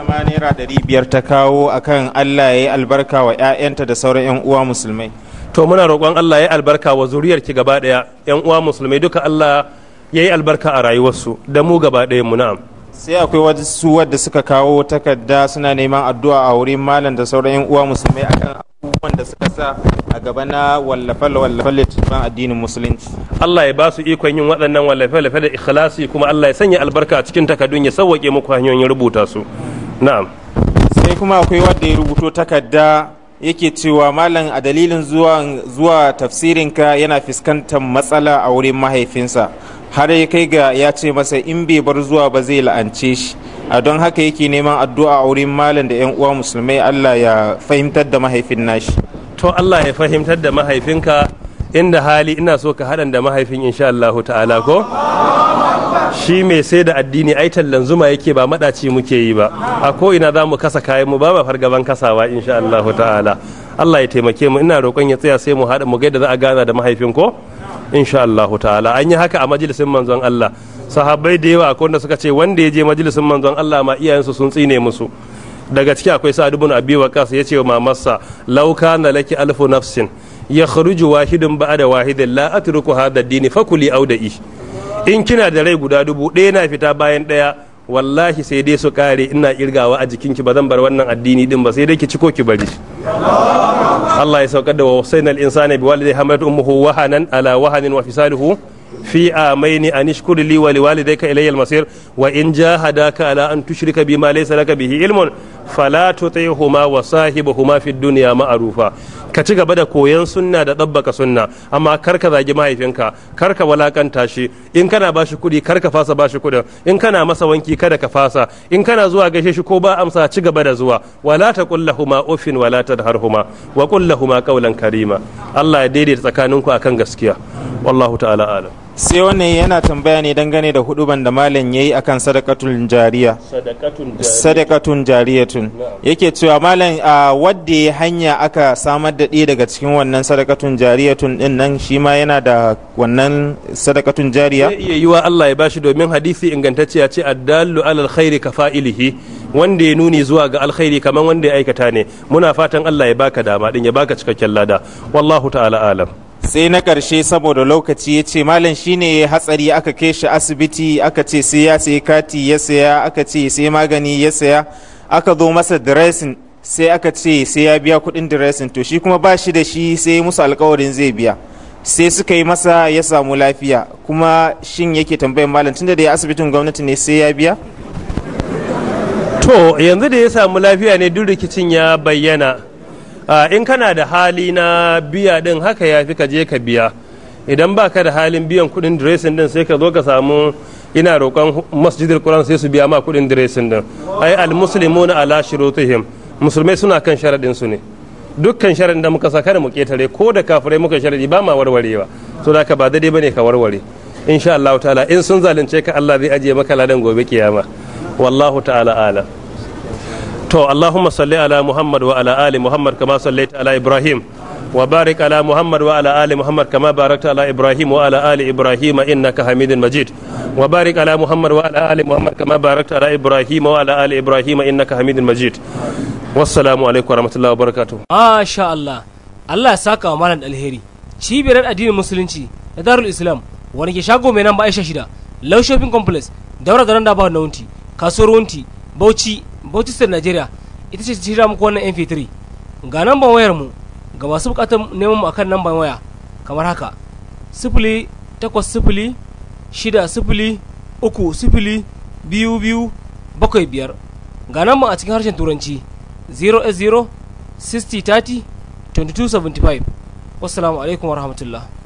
S3: sama naira ɗari biyar ta kawo akan allah ya yi albarka wa 'ya'yanta da sauran 'yan uwa musulmai to muna roƙon allah ya yi albarka wa zuriyar ki gaba ɗaya 'yan uwa musulmai
S1: duka allah ya yi albarka a rayuwarsu da mu gaba ɗaya mu na'am
S3: sai akwai wasu wadda suka kawo takarda suna neman addu'a a wurin malam da sauran 'yan uwa musulmai akan abubuwan da suka sa a gaba na wallafe-wallafe littattafan addinin musulunci. Allah ya ba su
S1: ikon yin waɗannan wallafe-wallafe da ikhlasi kuma Allah ya sanya albarka a cikin takardun ya sauwaƙe muku hanyoyin rubuta su.
S3: na'am sai kuma akwai wanda ya rubuto takarda yake cewa malam a dalilin zuwa tafsirinka yana fuskantar matsala a wurin mahaifinsa har ya kai ga ya ce masa in bai bar zuwa ba zai la'ance shi a don haka yake neman addu'a a wurin malam da 'yan uwa musulmai allah ya fahimtar da mahaifin nashi to allah ya fahimtar da mahaifinka inda hali ina so ka haɗan da mahaifin insha
S1: allahu ta'ala ko shi mai sai da addini ai tallan zuma yake ba madaci muke yi ba a ko ina za mu kasa kayan mu ba ma fargaban kasawa insha Allah ta'ala Allah ya taimake mu ina roƙon ya tsaya sai mu haɗa mu gaida za a gana da mahaifin ko insha Allah ta'ala an yi haka a majalisin manzon Allah sahabbai da yawa akwai wanda suka ce wanda ya je majalisin manzon Allah ma iyayensu sun tsine musu daga ciki akwai sa'ad ibn abi waqas ce wa mamarsa law kana laki alfu nafsin yakhruju wahidun ba'da wahidin la atruku hadha ad-din fakuli awda'i in kina da rai guda dubu ɗaya na fita bayan ɗaya wallahi sai dai su kare ina kirgawa a jikinki ba zan bar wannan addini din ba sai dai ki ciko ki bari Allah ya saukar da wa husainal insani bi walidai hamalat ummuhu wahanan ala wahanin wa fisaluhu fi amaini an ishkuri li wa liwalidayka ilayya al-masir wa in jahadaka ala an tushrika bima laysa laka bihi ilmun fala tuti'huma wa sahibuhuma fid dunya ma'rufa ka ci gaba da koyan sunna da dabbaka sunna amma kar ka zagi mahaifinka kar ka walakanta shi in kana bashi kuɗi kar ka fasa bashi kuɗin in kana masa wanki kada ka fasa in kana zuwa gaishe shi ko ba amsa ci gaba da zuwa wala ta kullahuma ofin wala tadharhuma wa huma qawlan karima Allah ya daidaita tsakaninku akan gaskiya wallahu ta'ala alam
S3: sai wannan yana tambaya ne dangane da hudu da malam ya yi a akan sadakatun jariya sadakatun tun yake cewa malam a wadda ya hanya aka samar da ɗaya daga cikin wannan sadakatun tun ɗin nan shi ma yana da wannan sadakatun jariya zai
S1: iya yi wa Allah ya bashi domin hadisi ingantacce ya ce addallu alal khairi ka fa'ilihi wanda ya nuni zuwa ga alkhairi kamar wanda ya aikata ne muna fatan Allah ya baka dama din ya
S3: baka cikakken lada wallahu ta'ala alam sai na ƙarshe saboda lokaci ya ce malam shine ya hatsari aka kai shi asibiti aka ce sai ya sai kati ya saya aka ce sai magani ya saya aka zo masa dressing sai aka ce sai ya biya kuɗin dressing to shi kuma ba shi da shi sai musu alkawarin zai biya sai suka yi masa ya samu lafiya kuma shin yake tambayin malam tunda da ya asibitin gwamnati ne sai ya biya to yanzu da ya samu lafiya ne duk rikicin ya bayyana in kana
S1: da hali na biya din haka ya fi ka je ka biya idan baka da halin biyan kudin diresin din sai ka zo ka samu ina roƙon masjidil kuran sai su biya ma kudin diresin din ai al muslimuna ala shurutihim musulmai suna kan sharadin su ne dukkan sharadin da muka saka mu ketare ko da kafirai muka sharadi ba ma warwarewa so da ka ba daidai bane ka warware insha Allah ta'ala in sun zalunce ka Allah zai ajiye maka ladan gobe kiyama wallahu ta'ala alam to allahumma salli ala muhammad wa ala ali muhammad kama sallaita ala ibrahim wa barik ala muhammad wa ala ali muhammad kama barakta ala ibrahim wa ala ali ibrahim innaka hamidun majid wa barik ala muhammad wa ala ali muhammad kama barakta ala ibrahim wa ala ali ibrahim innaka hamidun majid wassalamu alaikum wa rahmatullahi wa barakatuh masha allah allah ya saka wa malam alheri cibiyar addinin musulunci da darul islam wani ke shago mai nan ba aisha shida low shopping complex daura da nan da ba nauti kasuwar wunti bauchi Bauchi State Nigeria ita ce shirya muku wannan MP3 ga namban wayar mu ga masu bukatar neman mu akan namban waya kamar haka sifili takwas sifili shida sifili uku sifili biyu biyu bakwai biyar
S3: ga namban a cikin harshen turanci 0S0 60 30 22 75 wassalamu alaikum warahmatullahi